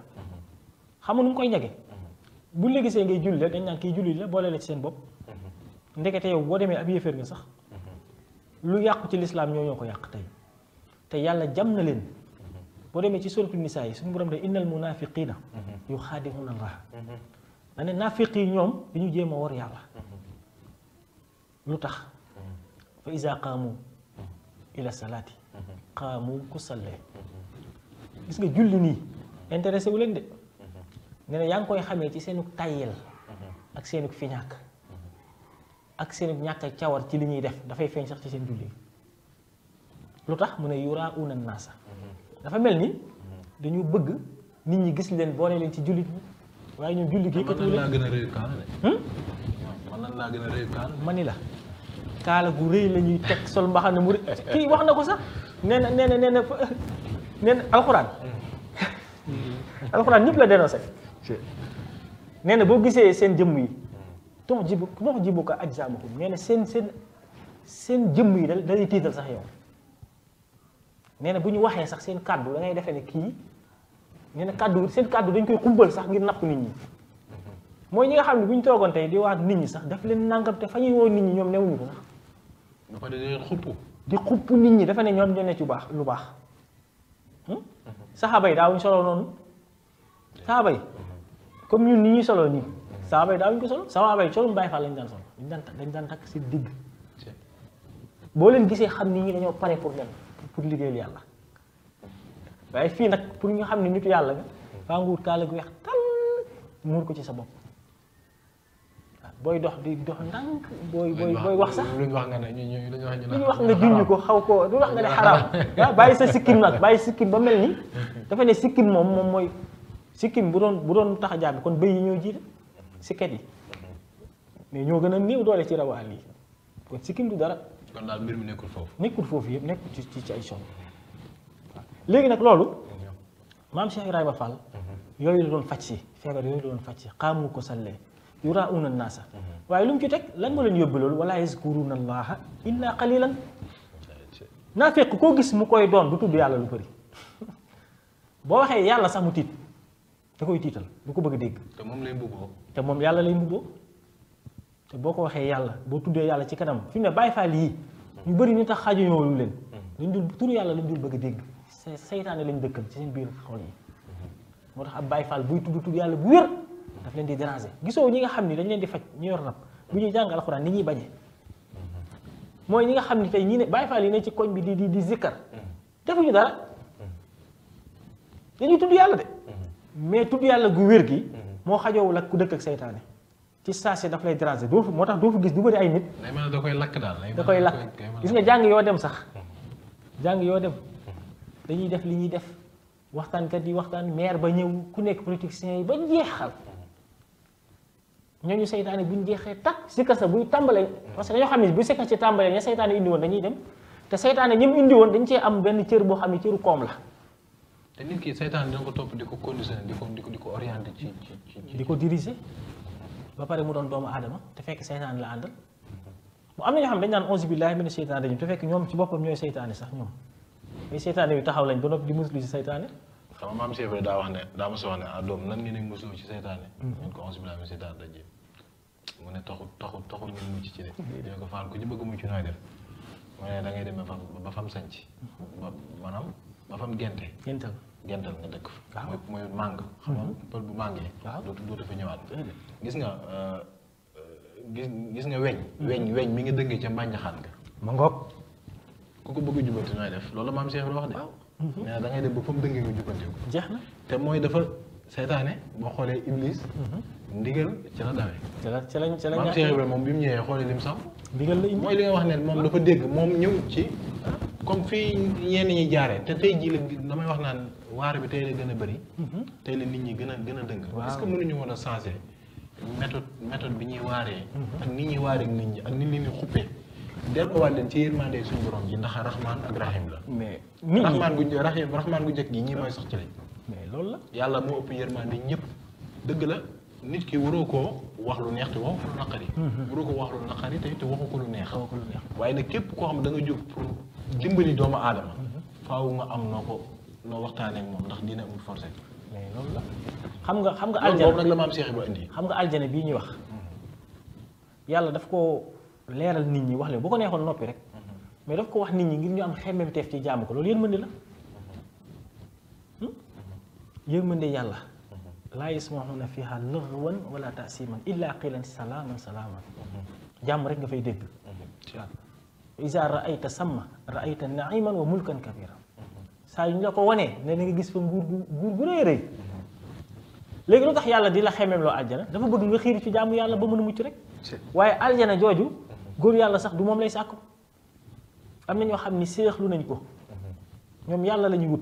xam nga nu mu koy ñage buñ la gisee ngay julli rek dañ naan kii julli la boole ci seen bopp ndekete yow boo demee ab yéeféer nga sax lu yàqu ci lislaam ñoo ñoo ko yàq tey te yàlla jam na leen boo demee ci suratu nisaa suñu borom de innal munafiqina yu xaadimuna allah da ne naafiq yi ñoom dañu jéem a war yàlla lu tax fa iza qaamu ila salaati kamu ku gis nga julli ni intéressé wu len de nee na yang koy xamé ci seenu tayel ak seenu fiñak ñàkk ak seenu ñàkk ciawar ci li ñuy def fay feñ sax ci sen julli lutax mu ne yuraa una naasa dafa melni dañu bëgg nit ñi gis leen boole leen ci julli ñi ñu julli gi katulee hmm? man nan laa gën a réy kaan la kaala gu rëy la ñuy sol mbaxana mu rëy wax na sax nee na nee na nee na nee na alxuraan alxuraan ñëpp la dénoncé nee boo gisee seen jëmm yi tox jibu tox jibu ko ajsaamahum nee na seen seen seen jëmm yi da dalay tiital sax yow nee na bu ñu waxee sax seen kàddu da ngay defee ne kii nee na kàddu seen kàddu dañ koy xumbal sax ngir napp nit ñi mooy ñi nga xam ne bu ñu toogoon tey di waat nit ñi sax daf leen nàngam te fa ñuy woo nit ñi ñoom newuñu ko sax. di xupp nit ñi dafa ne ñom ñoo ne ci bax lu baax saxaaba yi daawuñ solo non saxaaba yi comme ñun ni ñi solo ni saxaaba yi daawuñ ko solo saxaaba yi solo bàyyi fa lañ daan solo dañ daan dañ daan takk si digg leen gisee xam ni ñi dañoo paré pour dem pour liggéeyal yalla waye kan. fi nak pour ñu xam ni nitu yalla nga fa nguur kala gu weex tal mur ko ci sa bop booy dox di dox ndànk booy booy booy wax sax luñ wax nga ne ñu ñu luñ wax ñu luñ wax nga junj ko xaw ko lu wax nga ne xaraam ah, bàyyi sa sikkim nag bàyyi sikkim ba mel ni dafa ne sikkim moom moom mooy sikkim bu doon bu doon tax a jàpp kon bëy yi ñoo jiite yi mais ñoo gën a néew doole ci rawaan yi kon sikkim du dara kon daal mbir mi nekkul foofu nekkul foofu yëpp nekkul ci ci ci ay son léegi nag loolu maam Cheikh Ibrahima Fall mhm. yooyu la doon faj si feebar yooyu la doon faj si xaamu ko sallee yuraa'uuna naasa mhm. waaye lu mu ci teg lañ moo leen yóbbu loolu wala yazkuruuna allaha illa qalilan naa fekk koo gis mu koy doon du tudd yàlla lu bëri waxee yàlla sax tiit koy tiital du ko bëgg dégg te moom lay mbubboo te moom yàlla lay mbubboo boo ko waxee yàlla boo tuddee yàlla ci kanam fi mu ne bàyyi faal yii ñu bëri ñu tax xajuñoo lu leen mhm. lañ dul turu yàlla lañ dul bëgg dégg seytaane lañ dëkkal ci seen biir xol yi mhm. moo tax ab bàyyi faal buy tudd tudd yàlla bu wér daf leen di déranger gisoow ñi nga xam ni dañ leen di faj ñu yor rab bu ñuy jàng alxuraan ni ñuy bañee mooy ñi nga xam ni tey ñi ne Baay Faal yi ne ci koñ bi di di di zikkar defuñu dara dañuy tudd yàlla de mais tudd yàlla gu wér gi moo xajoowul ak ku dëkk ak seytaane ci saasi daf lay déranger doo moo tax doo fa gis du bëri ay nit. da koy lakk daal da koy lakk gis nga jàng yoo dem sax jàng yoo dem dañuy def li ñuy def waxtaankat yi waxtaan maire ba ñëw ku nekk politicien yi ba jeexal. ñooñu seytaane bu ñu tak sikkar sa buy tàmbalee parce que dañoo xam ne bu sikkar ci tàmbalee ña seytaane indi woon dañuy dem te seytaane ñi mu indi woon dañ cee am benn cër boo xam ne cëru koom la. te nit ki seytaane dina ko topp di ko conditionné di ko di ko di ko orienté ci ci di ko diriger ba pare mu doon doomu aadama te fekk seytaane la àndal bu am na ñoo xam dañ naan onze billahi mina seytaane rajim te fekk ñoom ci boppam ñooy seytaane sax ñoom mais seytaane yu taxaw lañ ba noppi di muslu ci seytaane xam nga maam Cheikh da wax ne da ma wax ne ah doom nan ngeen di muslu ci seytaane hmm. ngeen ko onze billahi mina seytaane rajim mu ne taxut taxut taxut ngeen mucc ci de. dina ko faal ku ci bëgg mucc nooy def mu ne da ngay demee fam ba fam sanc ba maanaam ba fam gente gental nga dëkk fa mooy mooy màng xam nga mhm. pël bu màngee dootu dootu fa ñëwaat gis nga euh, gis gis nga weñ mhm. weñ weñ mi nga dëngee ca mbànjaxaan nga ma ngoog ku ko bëgg jubanti nooy def loolu maam Cheikh wax de nee na mhm. da ngay dem ba fa mu dëngee nga jubanti ko jeex na te mooy dafa seytaane boo xoolee iblis. Mhm. ndigal ci la dawee. ci la ci lañ ci lañ. maam Cheikh moom bi mu ñëwee xoolee lim sàmm. ndigal la mooy li nga wax neen moom dafa dégg moom ñëw ci. comme fii ñenn ñi jaaree te tey jii la damay wax naan waar bi tey la gën a bëri. Mhm. tey la nit ñi gën a gën a dëng. parce est-ce que mënuñu mën a changer méthode méthode bi ñuy waaree. Mhm. ak nit ñi waaree ak nit ñi ak nit ñi xuppee. delluwaat leen ci yërmande suñu borom ji ndax rahmaan ak rahim la. mais nit ñi rahmaan gu rahim rahmaan gu mais loolu la yàlla moo ëpp yërmande ñëpp dëgg la nit ki waroo koo wax lu neex te waxu ko lu naqari mhm. waroo ko wax lu naqari te ko lu neex waaye nag képp koo xam ne da nga pour dimbali doomu aadama mhm. faaw am noo ko noo waxtaanee ak moom ndax dina amul forcé mais loolu la xam nga xam nga aljana boobu nag la maam Cheikh Ibra indi xam nga aljana bii ñuy wax mhm. yàlla daf ko leeral nit ñi wax leen bu ko neexoon noppi rek mais daf ko wax nit ñi ngir ñu am xemmemteef ci jaamu ko loolu yërmande la yërmande yàlla laa yasmaxuuna fiha lëgwan wala taasiman illa qilan salaaman salaaman jàmm rek nga fay dégg waaw isa raayta samma raayta naiman wa mulkan kabira saa yu ñu ko wanee na nga gis fa nguur gu nguur gu rëy rëy léegi lu tax yàlla di la xemeem loo aljana dafa bëgg nga xiir ci jàmm yàlla ba mën a mucc rek waaye aljana jooju góor yàlla sax du moom lay sàkku am na ñoo xam ni séexlu nañ ko ñoom yàlla lañuy wut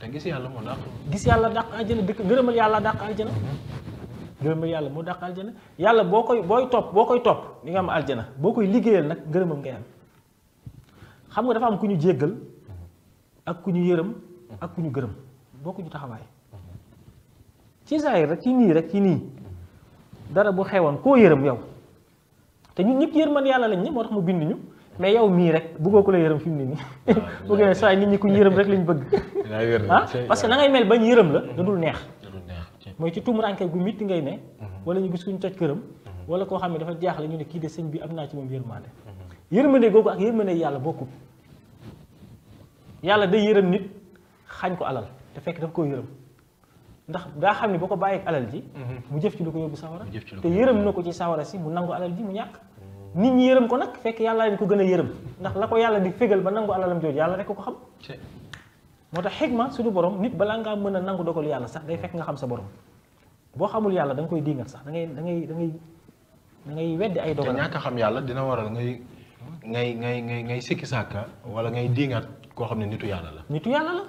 te gis yàlla moo dàq. gis yàlla dàq aljana dëkk ngërëmal yàlla dàq aljana. ngërëmal yàlla moo dàq aljana yàlla boo koy booy topp boo koy topp ni nga am aljana boo koy liggéeyal nag ngërëmam ngay am xam nga dafa am ku ñu jéggal ak ku ñu yërëm ak ku ñu gërëm bokku ñu taxawaay ci saay rek ci nii rek ci nii dara bu xewoon koo yërëm yow te ñun ñëpp man yàlla lañ ne moo tax mu bind ñu. mais yow mii rek bëggoo ko la yërëm fi mu ne nii bëgg ne saa nit ñi ku ñu yërëm rek lañ bëgg ah parce que na ngay mel bañ yërëm la la dul neex mooy ci tuumuranke gu mitti ngay ne mhm. wala ñu gis kuñ toj këram mhm. wala koo xam ne dafa jaaxle ñu ne kii de sëñ bi am naa ci moom yërmande mhm. yërmande googu ak yërmande yàlla bokkul yàlla day yërëm nit xañ ko alal te fekk daf koo yërëm ndax daa xam ni boo ko bàyyeek alal ji mu jëf ci lu ko yóbbu sawara te yërëm mu nangu alal ji mu ñàkk nit ñi yërëm ko nag fekk yàlla leen ko gën a yërëm ndax la ko yàlla di fégal ba nangu alalam jooju yàlla rek ko xam moo tax ma suñu borom nit balaa ngaa mën a nangu dogalu yàlla sax day fekk nga xam sa borom boo xamul yàlla da koy diingat sax da ngay da ngay da ngay da ngay weddi ay dogal te ñàkk xam yàlla dina waral ngay ngay ngay ngay ngay sikki sàkka wala ngay diingat koo xam ne nitu yàlla la nitu yàlla la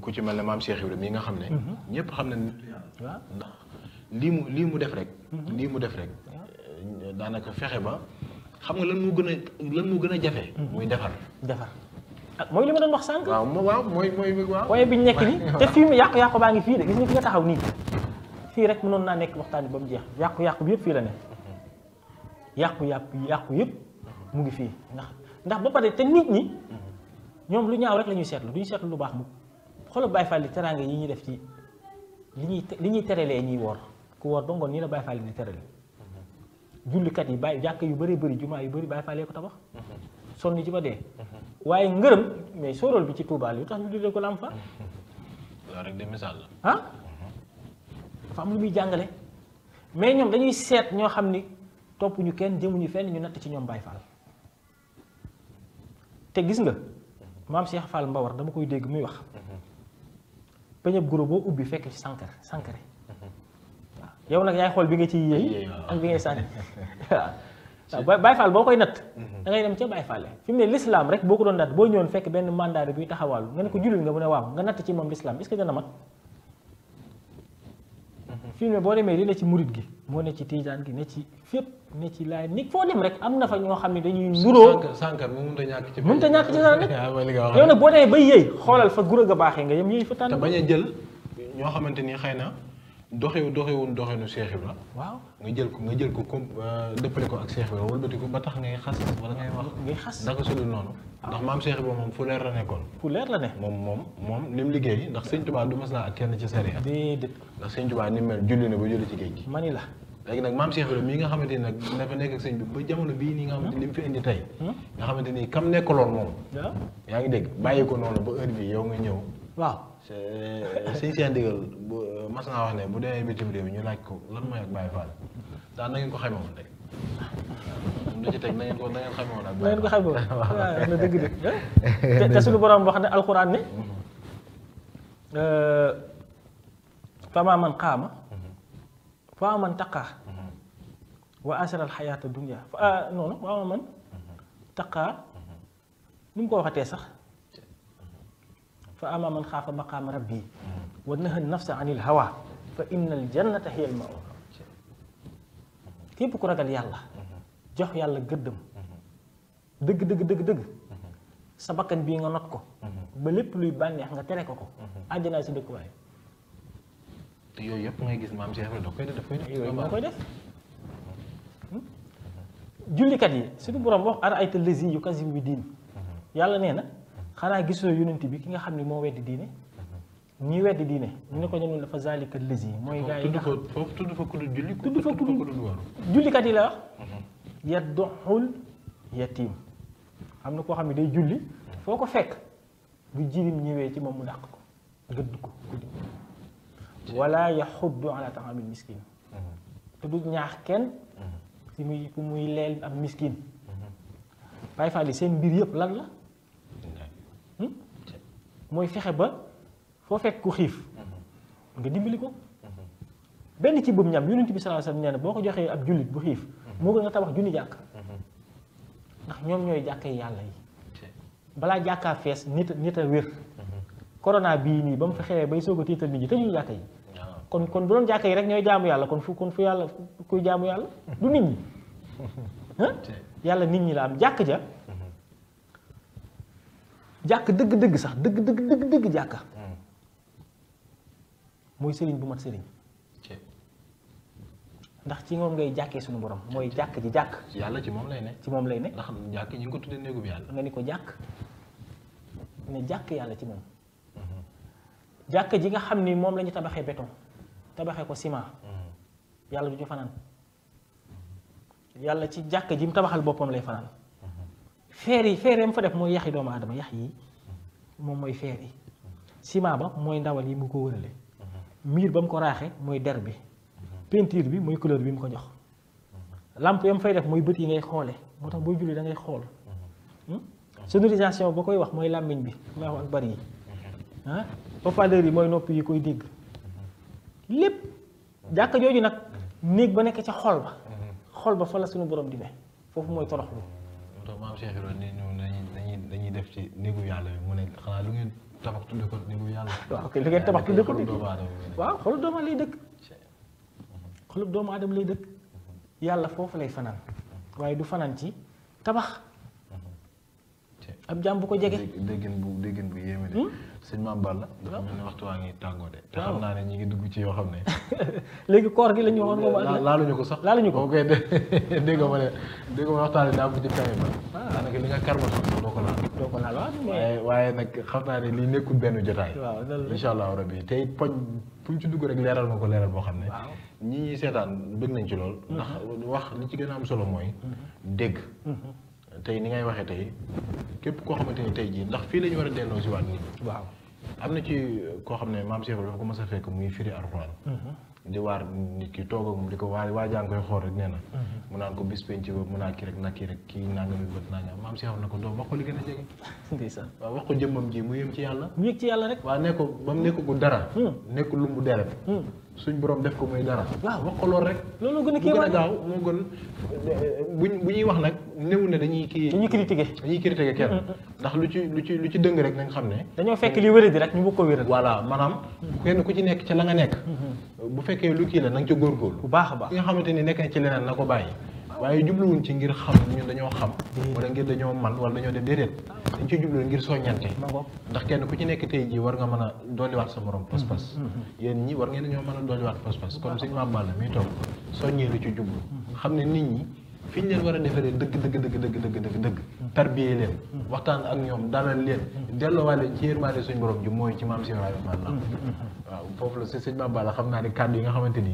ku ci mel ne maam Cheikh Ibrahima mi nga xam ne mhm. ñëpp xam ne nitu yàlla ndax lii mu lii mu def rek mhm. lii mu def rek daanaka ba xam nga lan mu gën a lan moo gën a jafe. Mhm. muy defar defar. ak ah, mooy li ma doon wax sànq. waaw waaw mooy mooy waaw. waaye bi ñu nekk nii te fii mu yàqu-yàqu baa ngi fii de gis nga fi nga taxaw nii fii rek mënoon naa nekk waxtaan bi ba mu jeex yàqu-yàqu bi yëpp fii la ne yàqu-yàqu yàqu yëpp mu ngi fii ndax ndax ba pare te nit ñi ñoom lu ñaaw rek la ñuy seetlu du ñu seetlu lu baax mu xoolal Baye li teraanga yi ñuy def ci li ñuy te li ñuy terelee ñuy woor ku woor ba ngoon nii la Baye jullikat yi bàyyi jàkk yu bëri bari jumaa yu bëri bàyyi faalee ko tabax mhm. sonn ci ba dee mhm. waaye ngërëm mais sóoral bi ci Touba lu tax ñu tuddee ko Lamp Fall loolu la ah dafa am lu muy jàngale mais ñoom dañuy seet ñoo xam ni topp ñu kenn jëmuñu fenn ñu natt ci ñoom baay Fall te gis nga maam Cheikh Fall Mbawar dama koy dégg muy wax mhm. peñab goro boo ubbi fekk ci sankar sankare yow nag yaay xool bi nga ci yéey ak bi ngay sànni waaw Baye Fall boo koy natt mhm. da ngay dem ca Baye Fall fi mu ne l'islam rek boo ko doon natt boo ñëwoon fekk benn mandat buy taxawaalu nga ne ko jullit nga mu ne waaw nga natt ci moom l'islam est-ce que dana mat mhm. fi boo demee li ne ci murit gi moo ne ci tiijaan gi ne ci fépp ne ci laay nit foo dem rek am na fa ñoo xam ne dañuy nuroo sànq mu mënta ñàkk ci mënta ñàkk ci sànq yow nag boo demee ba yëy xoolal fa guro ga nga yem yëy fa tànn te bañ a jël ñoo xamante ni xëy na doxewu doxewun doxeenu Cheikh Ibra waaw nga jël ko jël ko comme euh, dëppale ko ak Cheikh Ibra wëlbati ko ba tax ngay xas wala ngay wax ngay xas naka sudul noonu ah. ndax maam Cheikh Ibra moom fu leer la nekkoon fu leer la ne moom moom moom li mu liggéey ndax sëñ Tuubaa du mas laa ak kenn ci sariya déedéet ndax sëñ Tuubaa ni mel julli na ba julli ci géej gi mani la léegi nag maam Cheikh Ibra mii nga xamante ni nag dafa nekk ak sëñ bi ba jamono bii nii nga xamante li mu fi indi tey hmm? nga xamante ni kam nekkaloon moom yaa ngi dégg bàyyi ko noonu ba bi yow nga ñëw waaw Eh, sëñ Cheikh Ndigal bu mas nga wax ne bu dee bitim réew ñu laaj ko lan mooy ak Baye Fall daan na ngeen ko xamewoon rek lu ci teg na ngeen ko na ngeen xamewoon ak Baye na ngeen ko xamewoon waaw na dëgg de te suñu borom wax ne alquran ne fama man qama fama man taqa wa asra al xayaata dunia fa non fama man taqa nu ko waxate sax fa ama man khafa maqam rabbi wa nahana nafsa anil hawa fa innal jannata hiya al mawa kep ku ragal yalla jox yalla geudum deug deug deug deug sa bakkan bi nga not ko ba lepp luy banex nga tere ko ko aljana ci dekk iya, iya, way te yoy yep ngay gis mam Cheikh da koy def daf koy def yoy moo koy def kat yi suñu borom wax ara ayta lazi yu kasim bi diin hmm. yàlla ya nee xanaa gisoo yonent bi ki nga xam ne moo weddi diine ñi weddi diine ñu ne ko ñoom dafa zalika lëzi mooy gaa yi nga xam tudd fa ku julli tudd fa ku jullikat yi la wax mhm. doxul yatim am na koo xam ne day julli foo ko fekk bu jirim ñëwee ci moom mu dàq ko gëdd ko wala yaxuddu ala taamil miskin mhm. te du ñaax kenn si mhm. muy ku muy leel am miskin Baay Faal seen mbir yëpp lan la Hmm? mooy fexe ba foo fekk ku xiif hmm. nga dimbali ko hmm. benn ci boobu ñam yonent bi sallallahu alayhi wasallam boo ko joxee ab jullit bu xiif moo gën nga tabax junni jàkk ndax ñoom ñooy jàkkay yàlla yi balaa jàkkaar fees nit nit a wér corona bii nii ba mu fi xewee bay soog a tiital nit ñi tëjuñu jàkka yi ah. kon kon bu doon jàkk yi rek ñooy jaamu yàlla kon fu kon fu yàlla kuy jaamu yàlla du nit ñi yàlla nit ñi laa am jàkk ja jak deug deug sax deug deug deug deug jak moy serigne bu mat serigne ndax ci ngom ngay jakke suñu borom moy jak ji jak yalla ci mom lay ne ci mom lay ne ndax jak ñu ko tudde neegum yalla nga ni ko jak ne jak yalla ci mom jak ji nga xamni mom lañu tabaxé béton tabaxé ko ciment yalla du ci fanaan yalla ci jak ji mu tabaxal bopam lay fanaan feer yi feer yam fa def mooy yaxi doomu aadama yax yi moom mooy feer yi ciment ba mooy ndawal yi mu ko wërale miir ba mu ko raaxee mooy der bi peinture bi mooy couleur bi mu ko jox lampe yam fay def mooy bët yi ngay xoole moo tax booy julli da ngay xool hmm? sonorisation ba koy wax mooy làmmiñ bi allahu akbar yi ah haut-parleur yi mooy nopp yi koy dégg lépp jàkka jooju nag néeg ba nekk ca xool ba hmm. xol ba fa la suñu borom di foofu mooy toroxlu toog maam Cheikh Ibrahima ni ñu dañuy dañuy def ci néegu yàlla bi mu ne xanaa lu ngeen tabax tudde ko néegu yàlla. waaw kay lu ngeen tabax tudde ko néegu waaw xolub doomu aadama lay dëkk. Mm-hmm. xolub doomu aadama lay dëkk. yàlla foofu lay fanaan. waaye du fanaan ci tabax. am jàmm ko jege. déggin bu déggin bu yéeme de. Hmm? sëñ Mame Balla. dafa mel ni waxtu waa ngi tàngoo de. te xam naa ne ñu ngi dugg ci yoo xam ne. léegi koor gi la ñu waxoon boobu. laaluñu ko sax laaluñu ko. ok dégg nga ma waxtaan daa ko ci kawe ba. ah laal. doo waaye nag xam naa ne li nekkul benn jotaay. waaw dëgg allah rabi tey poñ fu ñu ci dugg rek leeral nga ko leeral boo xam ne. ñi ñuy seetaan bëgg nañ ci lool. Hmm. ndax wax li ci gën a am solo mooy hmm. dégg tey ni ngay waxee tey képp koo xamante ni tey jii ndax fii la ñu war a delloo si waat nii. waaw am na ci koo xam ne maam Cheikh dafa ko mos a fekk muy firi alxuraan. Mhm. di waar nit ki toog ak moom di ko waa waajaa nga koy xool rek nee na mm-hmm. mu naan ko bis penc ba mu naa kii rek na kii rek kii nangami na ko doom wax ko li gën a jege ndeysaan waaw wax ko jëmmam ji mu yëm ci yàlla mu yëg ci yàlla rek waaw nekko ba mu nekko hmm. nekk lu mu hmm. rek a kii a gaaw moo dañuy kii hmm, lu ci lu ci lu ci dëng rek na nga xam ne dañoo fekk li wéradi rek ñu bëgg ko wéral voilà maanaam kenn ku ci nekk ca la nga nekk bu fekkee lu kii la na nga ci góorgóorlu bu baax a baax nga xamante ni nekk ci leneen na ko bàyyi waaye jubluwuñ ci ngir xam ñun dañoo xam wala ngir dañoo man wala dañoo def déedéet dañ ciy jublu ngir soññante ndax kenn ku ci nekk tey jii war nga mën a dolliwaat sa morom pas-pas mm-hmm, mm-hmm. yéen ñi war ngeen dañoo mën a dolliwaat pas-pas comme suñu maam Balla mi toog soññee ci jublu mm-hmm. xam ne nit ñi fi ñu leen war a defaree dëgg dëgg dëgg dëgg dëgg dëgg dëgg tarbiyee leen waxtaan ak ñoom dalal leen delloowaat leen ci yërmaande suñu borom ji mooy ci maam si Ibrahima maanaam waaw foofu la si sëñ Mame Balla xam naa ne kàddu yi nga xamante ni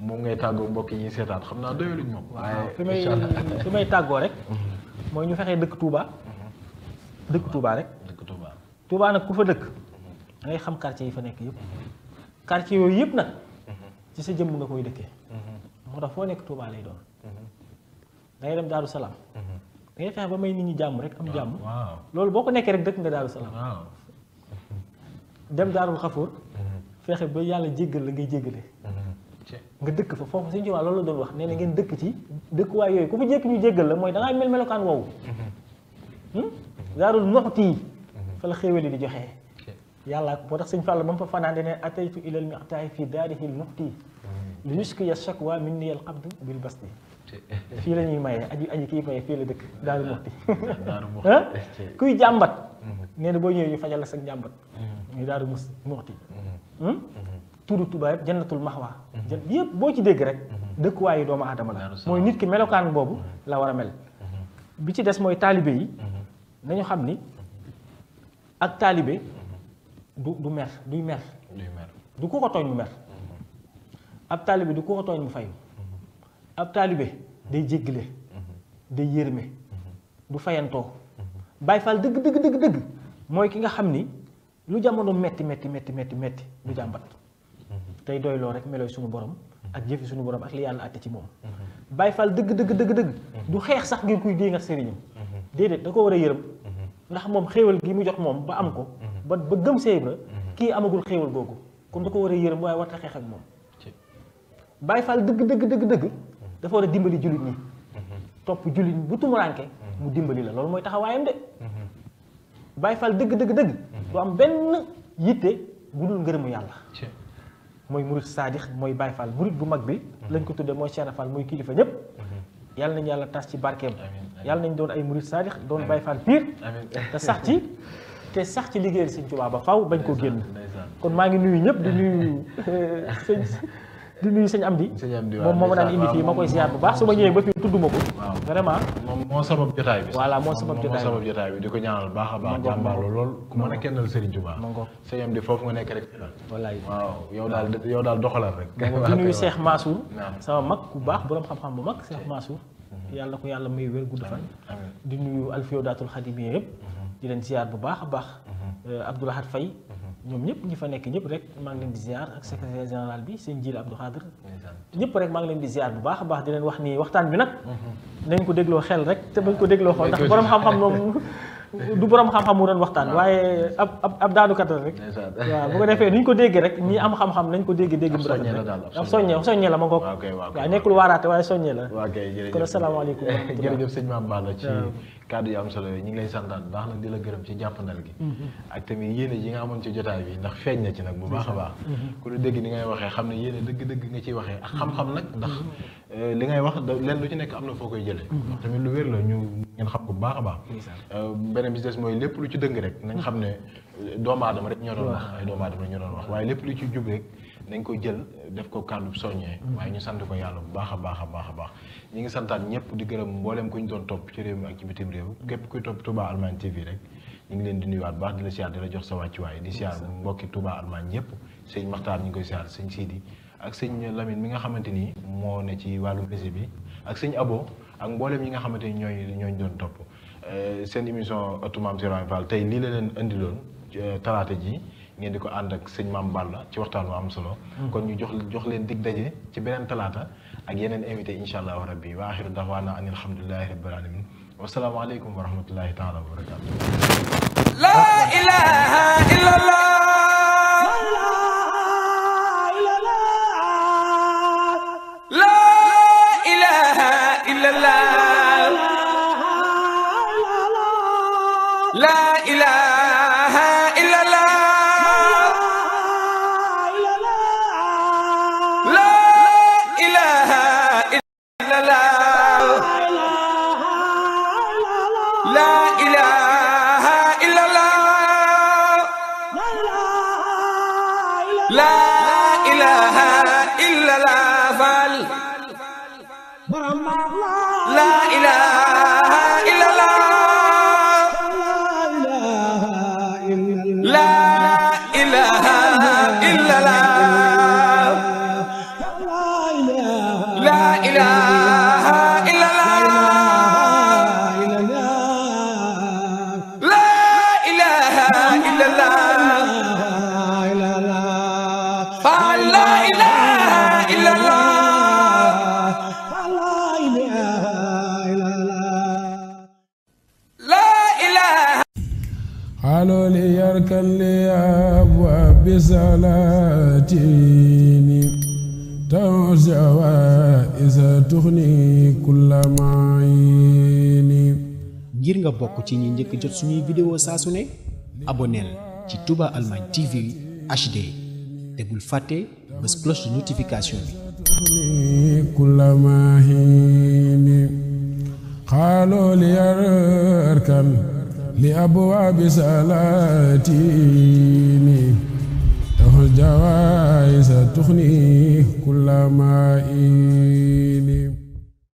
moom ngay tàggoo mbokk yi seetaan xam naa doyaluñ moom waaye fi may fi may tàggoo rek mooy ñu fexee dëkk Touba dëkk Touba rek dëkk Touba Touba nag ku fa dëkk da xam quartier yi fa nekk yëpp quartier yooyu yëpp nag ci sa jëmm nga koy dëkkee mhm. moo tax foo nekk Touba lay doon da ngay dem Daaru Salaam. Mhm. da ngay ba may nit ñi jàmm rek am jàmm. loolu boo ko nekkee rek dëkk nga Daaru Salaam. dem Daarul Xafoor. Mhm. fexe ba yàlla jéggal la ngay jéggale. Mhm. nga dëkk fa foofu suñu ci waa loolu la doon wax nee na ngeen dëkk ci dëkkuwaay yooyu ku fi jékki ñu jéggal la mooy da ngaa mel melokaan woowu. Hmm? Daarul Muxti fa la xéewali di joxe. yàlla boo tax sëñ Fall ba mu fa fanaan ne ataytu ilal miqtaay fi daarihi l muxti li yuskiya shakwa minni al qabdu fii la ñuy maye aji aji kii maye fii la dëkk daaru eh, muxti eh? kuy jàmbat mhm. nee na boo ñëwee ñu fajal la sag jàmbat mhm. muy daaru mus muxti mhm. hmm? tudd Tuubaa yëpp jannatul maxwa yëpp boo ci dégg rek dëkkuwaayu doomu aadama la mooy nit ki melokaan boobu la war a mel bi ci des mooy taalibe yi nañu xam ni ak taalibe du du mer duy mer du ko ko tooñ mu mer ab taalibe du ko ko tooñ mu fayu ab taalibe day jéggale day yërme du fayantoo Baay Faal dëgg dëgg dëgg mooy ki nga xam ni lu jamono metti metti metti metti metti du jàmbat tey doyloo rek melooy suñu borom ak jëfi suñu borom ak li yàlla àtte ci moom Baay Faal dëgg dëgg dëgg du xeex sax ngir kuy dée da ko war a yërëm ndax moom xéewal gi mu jot moom ba am ko ba ba gëm kii amagul xéewal googu kon da ko war a yërëm waaye ak moom Baay Faal dëgg dëgg dëgg dëgg dafa war a dimbali julit ni top julit bu tumuranke mu dimbali la loolu moy taxawayam dé Baay fal deug deug deug do am ben yité bu dul yalla moy mourid sadiq moy mooy fal mourid bu mag bi lañ ko tuddé moy Cheikh Fall moy kilifa ñep yalla nañ yalla tass ci barkeem yalla nañ doon ay mourid sadiq doon Baay fal pir te sax ci té sax ci ligéel Sëñ touba ba faaw bañ ko genn kon ma ngi nuyu ñep di nuyu euh, sëñ di nuyu sëñ Amdi moom moo ma daan indi fii ma koy ziar ba fii a baax jàmbaar la lool ku mën a kennal daal yow daal doxalal rek di nuyu Cheikh Massour sama mag ku baax borom xam-xam bu mag Cheikh Massour mhm. yàlla na ko yàlla may wér gudd fan di nuyu alfiyodaatul xadimiya yëpp mhm. di leen ziar bu baax a baax Euh, Abdou Lahad Faye mhm. ñoom ñëpp ñi fa nekk ñëpp rek maa ngi leen di ziar ak secrétaire général bi seen jiil Abdou Khadir rek maa ngi leen di ziar bu baax a baax di leen wax ni waxtaan bi nag mhm. nañ ko dégloo xel rek te bañ ko dégloo xool ndax borom xam-xam moom du borom xam-xam mu doon waxtaan waaye ab ab ab daanukat rek waaw bu ko defee ni ñu ko déggee rek ñi am xam-xam nañ ko dégg dégg bu rafet rek soññe la ma ko waaw nekkul waaraate waaye soññe la kon asalaamaaleykum jërëjëf sëñ kàddu yu am solo ñu ngi lay daan baax nag di la gërëm ci jàppandal gi mm-hmm. ak tamit yéene ji nga amoon ci jotaay bi ndax feeñ na ci nag bu baax a baax mm-hmm. Mm-hmm. ku la dégg ni ngay waxee xam ne yéene dëgg-dëgg nga ciy waxee ak xam nag ndax euh, li ngay wax leen lu ci nekk am na foo koy jëlee tamit lu wér la ñu ngeen xam ko bu baax a baax euh, beneen bi ci des mooy lépp lu ci dëng rek nañ xam ne euh, doomu aadama rek ñoo doon aadama ñoo wax waaye lépp lu ci jub rek nañ ko jël def ko kàddu soññee mm-hmm. waaye ñu sant ko yàlla bu baax a baax a baax a baax ñi ngi santaat ñëpp di gërëm mbooleem ku ñu doon topp ci réew mi ak ci réew mm-hmm. képp kuy topp Touba Allemagne TV rek ñu ngi leen di nuyuwaat baax di la siyaar la jox sa wàccuwaay di siyaar mbokki Touba Allemagne ñëpp sëñ Maxtaar ñu ngi koy siyaar sëñ Sidi ak sëñ Lamine mi nga xamante ni moo ne ci wàllu visite bi ak sëñ Abo ak mbooleem ñi nga xamante ni ñooy ñooñ doon topp euh, seen émission Ëttu Maam Serigne tey lii la leen indiloon euh, talaate ji ngeen di ko ànd ak sëñ Maam Balla ci waxtaan wu am solo. Mm-hmm. kon ñu jox jox leen dig daje ci beneen talaata ak yeneen invité incha allahu rabbi wa axiru daxwaana an alhamdulilahi rabbil alamin wasalaamaaleykum wa rahmatullahi taala wa barakaatu. la ilaha illallah. la ilaha salaatini nga bokk ci ñi njëkk jot suñuy vidéo saa ne aboneel ci Touba Allemagne TV HD te fàtte bés cloche de notification bi xaaloo li yarkan li abwaabi salaatini jawaay sa tuxni kulla maa in